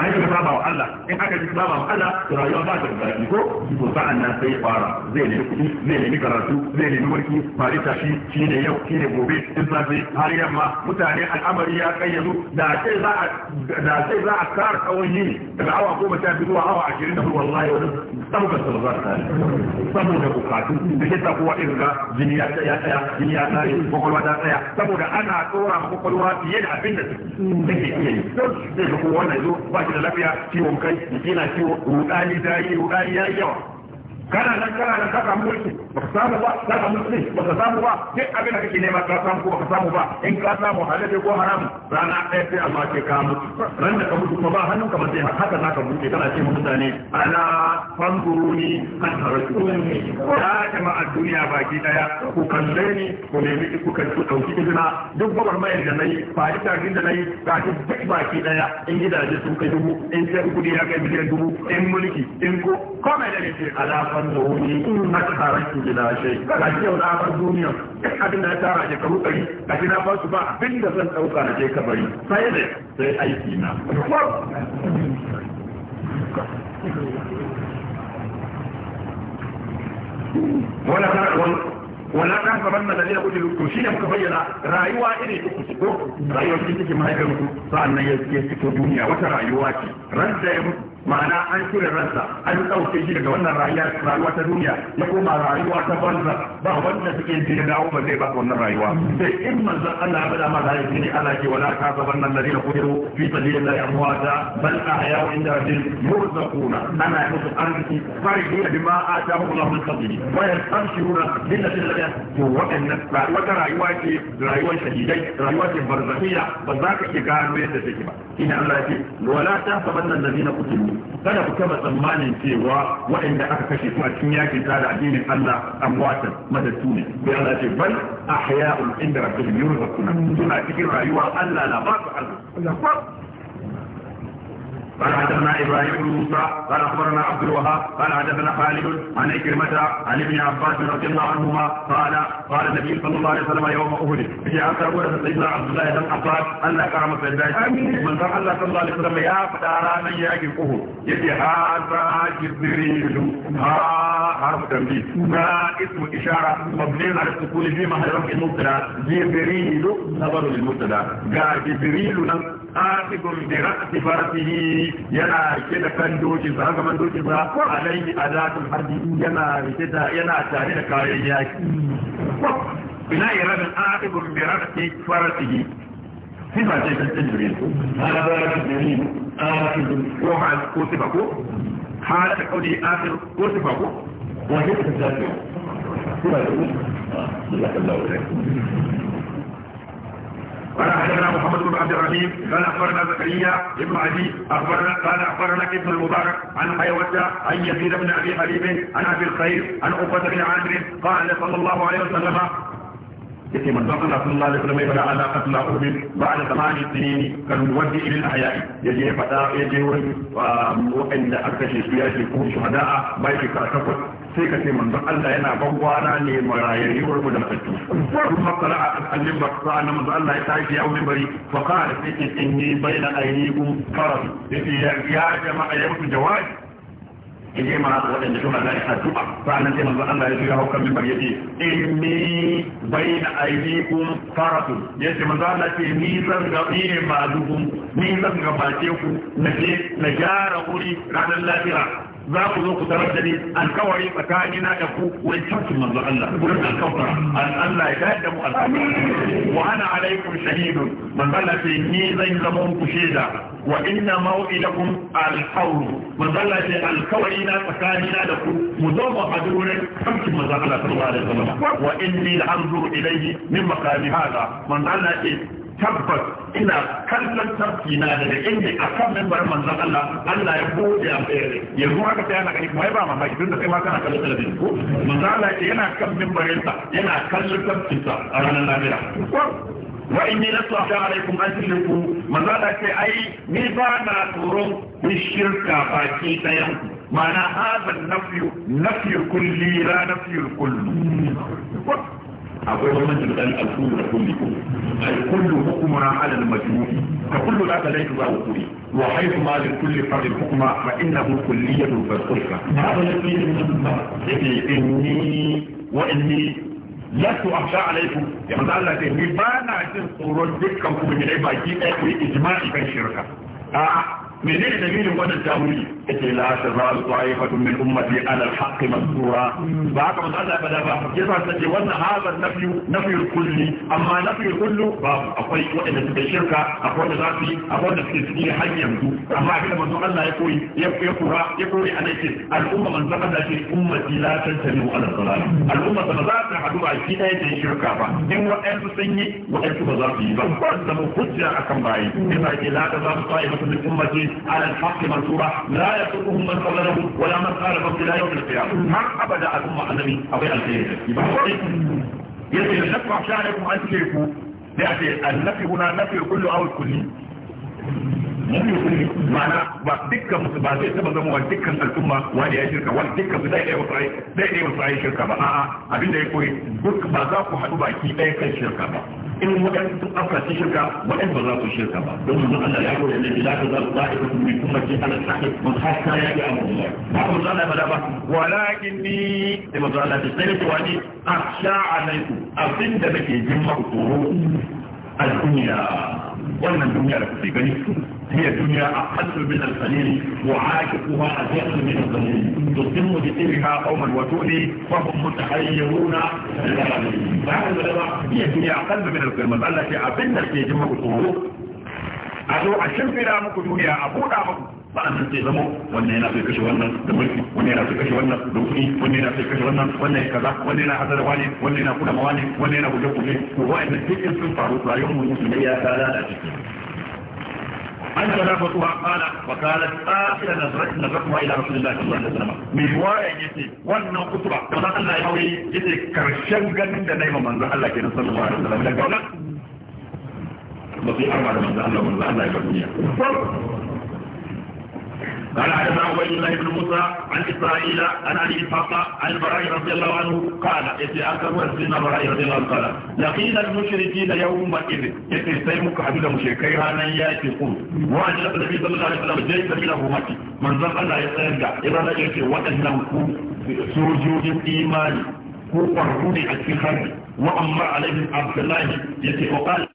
an yi saba wa Allah in aka ji saba wa Allah to rayuwa ba ta da ko to sa'an nan sai fara zai nemi kuɗi zai nemi karatu zai nemi warki farita shi shi ne yau shi ne gobe in safe har yamma mutane al'amari ya kayyazu da sai za a da sai za a kara tsawon yini daga awa goma sha biyu zuwa awa ashirin da wallahi wani saboda sallar ta saboda bukatu da ke sa kowa irin ga jini ya tsaya jini ya tsaya kwakwalwa ta tsaya saboda ana tsora kwakwalwa fiye da abin da take iya yi zai ga kowa na zo ba da lafiya ciwon kai jiki na ciwo rudani ta yi rudani ya yi yawa kana nan kana nan ka samu mulki baka samu ba ka samu mulki baka samu ba sai abin da kake nema ka samu ko baka samu ba in ka samu halale ko haram rana ɗaya sai Allah ke ka mutu ran da ka mutu kuma ba hannun ka ba sai haka za ka buɗe kana ce mutane ala fanzuruni kan harajuni ya jama'a duniya baki daya ku kalle ni ku nemi ku kan ku dauki izina duk babar mai da nayi fari tarin da nayi ga duk baki daya in gidaje sun kai dubu in sai kudi ya kai miliyan dubu in mulki in ko komai da ne ala anzuruni ma tariku bila shay kaga yau na bar duniya abin da ya tara ke karu kai kaji na ba su ba abin da zan dauka na je kabari sai ne sai aiki na wala kana wala kan gaban na dalila kuje to shi ne muka bayyana rayuwa iri uku ce ko rayuwa ce take mahaifiyar mutu sa'annan ya fito duniya wata rayuwa ce ran da ya mutu ma'ana an cire ransa an ɗauke shi daga wannan rayuwa ta duniya ya koma rayuwa ta banza ba wanda suke ji da dawo ba zai ba wannan rayuwa sai in manzon Allah bada ma da yake Allah ke wala ka ga wannan ladina kudiru fi sabilillahi amwata bal ahya inda rabbil murzaquna ana musu arziki farhi bima atahu Allahu min fadli wa yastamshiruna bil ladina to wa wata rayuwa ce rayuwar shahidai rayuwa ce barzakiya ba za ka iya gano yadda take ba ina Allah ya ce wala ta da ladina kudiru kada ku taba tsammanin cewa waɗanda aka kashe su a cikin yakin tsara addinin Allah amwatan matattu ne bai Allah ce bal ahya'un inda rabbihim yurzaquna suna cikin rayuwa Allah na ba su arziki قال حدثنا ابراهيم بن موسى قال اخبرنا عبد الوهاب قال حدثنا خالد عن كلمة عن ابن عباس رضي الله عنهما قال قال النبي صلى الله عليه وسلم يوم احد في عصر اولى سيدنا عبد الله بن عباس ان كرم سيدنا من قال الله صلى الله عليه وسلم يا فتارا من ياكل احد يجي هذا جبريل ها حرف تنبيه ما اسم اشاره مبني على السكون في محل رفع المبتدا جبريل خبر للمبتدا جبريل آتكم برأس فرسه ينا كده كان دوجي زها كمان دوجي yana عليه أداة الحرب ينا كده ينا تاريخ كاياك بلا إرادة آتكم برأس فرسه sifa ce ta jibril ana ba ki jibril ko hal ko sifa ko hal ta kauli akhir ko sifa ko wa hiya ta sifa ko ko Allah Allah قال حدثنا محمد بن عبد الرحيم قال اخبرنا زكريا ابن عدي اخبرنا قال اخبرنا ابن المبارك عن حيوته عن يزيد بن ابي حبيب عن ابي الخير عن عقبه بن عامر قال صلى الله عليه وسلم يتي من بقى الله صلى الله عليه وسلم قتل احد بعد ثمان سنين كان مودي الى الاحياء يجي فتاه يجي وعند اكثر الشيء يكون شهداء ما يفكر كفر sai ka ce manzon Allah yana bangwana ne marayayi urbu da matattu kuma kala a kallin ba sa na manzon Allah ya tashi ya wuri bari fa kana sai ke tinni baina ayyikum faras yace ya jama'a ya mutu jawabi In yaje ma wadanda suna da addu'a sanan sai manzon Allah ya ji hawo kan bari yace inni baina ayyikum faras yace manzon Allah ya ce ni zan ga ni ne mazukum ni zan ga bace ku na je na gyara wuri ranar lafiya za ku zo ku tarar da ni alkawari tsakanina da ku wai tafkin manzo Allah gurin alkawara Allah ya dada mu alkawari wa ana alaikum shahidun manzo Allah ce ni zan zama muku shaida wa inna maw'idakum alqawl manzo Allah sai alkawari na tsakanina da ku mu zo mu hadu wurin tafkin manzo Allah sallallahu alaihi wasallam wa inni la anzuru ilayhi min maqami hada manzo Allah ce tabbas ina kallon tarki na daga inda a kan membar manzan Allah Allah ya bude a ya yanzu haka sai yana gani kuma ya ba mamaki tun da kai ma kana kallon talabijin ko manzan Allah ya yana kan membarinsa yana kallon tarkinsa a ranar lamira wa inni lasu a shahara alaikum an ku manzan Allah ce ai ni ba na tsoron bishirka baki ɗayan ma'ana hazan nafiyu nafiyu kulli ra nafiyul kulli akwai bambanci tsakanin alkulu da kulli alkullu hukuma ala almajmu ka kullu la talaytu ba kulli wa haythu ma lil kulli fard hukuma fa innahu kulliyatu fa kulka hada yake yake inni wa inni lastu akhsha alaykum ya manzo Allah ce ni ba na jin tsoron dukkan ku ne baki ɗaya ku yi ijma'i kan shirka a'a menene dalilin wannan tawili yake la tazalu ta'ifatu min ummati ala al-haqqi masura ba haka manzo Allah bada ba yasa sace wannan hazar nafi nafi kulli amma nafi kullu ba akwai wanda suke shirka akwai wanda zafi akwai wanda suke cikin hanyar su amma abin da manzo Allah ya koyi ya koyi kura ya koyi a nake al'umma manzo Allah ce ummati la tantani ala salati al'umma ba za ta hadu ba shi ɗaya da shirka ba in wa'ansu sun yi wa'ansu ba za su yi ba ba zama hujja akan bayi yasa ke la tazalu ta'ifatu min ummati ala al-haqqi masura la يتركهم من قبل لهم ولا من قال لهم إلى يوم القيامة ما أبدا أكون معلمي أبي ألتين يجب أن نفع شعركم أن تكيفوا لأن النفي هنا نفي كله أو الكلي mafi kulli ma'ana ba dukkan ba zai taba zama wa dukkan al'umma wani ya shirka wa dukkan su dai dai wasu dai dai wasu shirka ba a'a abinda ya koyi duk ba za ku haɗu baki ɗaya kan shirka ba in waɗansu sun afkaci shirka waɗansu ba za su shirka ba don mun Allah ya koyi da bila ka za ku za'i ku kuma kuma ce ala sahi mun haska ya ga amma ba ku zalla ba ba walakin ni da mazalla ta sai da wani akhsha alaikum abinda nake jin maku tsoro الدنيا وأن الدنيا التي جنيه هي دنيا أقل من القليل وعاشقها أزيد من القليل تتم بسيرها قوما وتؤذي وهم متحيرون فهذا هي دنيا أقل من القليل التي عبدنا في جمع القلوب a zo a shimfida muku duniya a buɗa muku sa'an sai zama wannan yana sai kashe wannan da mulki wannan yana sai kashe wannan da kuɗi wannan yana sai kashe wannan wannan kaza wannan yana hasara wani wannan yana kuɗa mawani wannan yana guje guje ko wa'annan cikin sun faru rayuwar mu musulmi ya ta lalace أن نفسها قال وقالت آخر نظرتها إلى رسول الله صلى الله عليه وسلم من رواية يتي وأن كتبة قال الله يحوي يتي كرشان قد نايم منظر الله كنا صلى الله عليه وسلم ba su yi arba قال حدثنا الله بن موسى عن اسرائيل عن علي بن الحق عن البراء رضي الله عنه قال اذ اكبر سيدنا البراء رضي الله عنه قال لقينا المشركين يوم اذ يتسلمك حدود المشركين هانا ياتي قوم وعن النبي صلى الله عليه وسلم جيت من هومتي من ذا الله يتسيمك اذا لا ياتي وانهم سجود الايمان هو فرعوني الكفر وامر عليهم عبد الله يتي وقال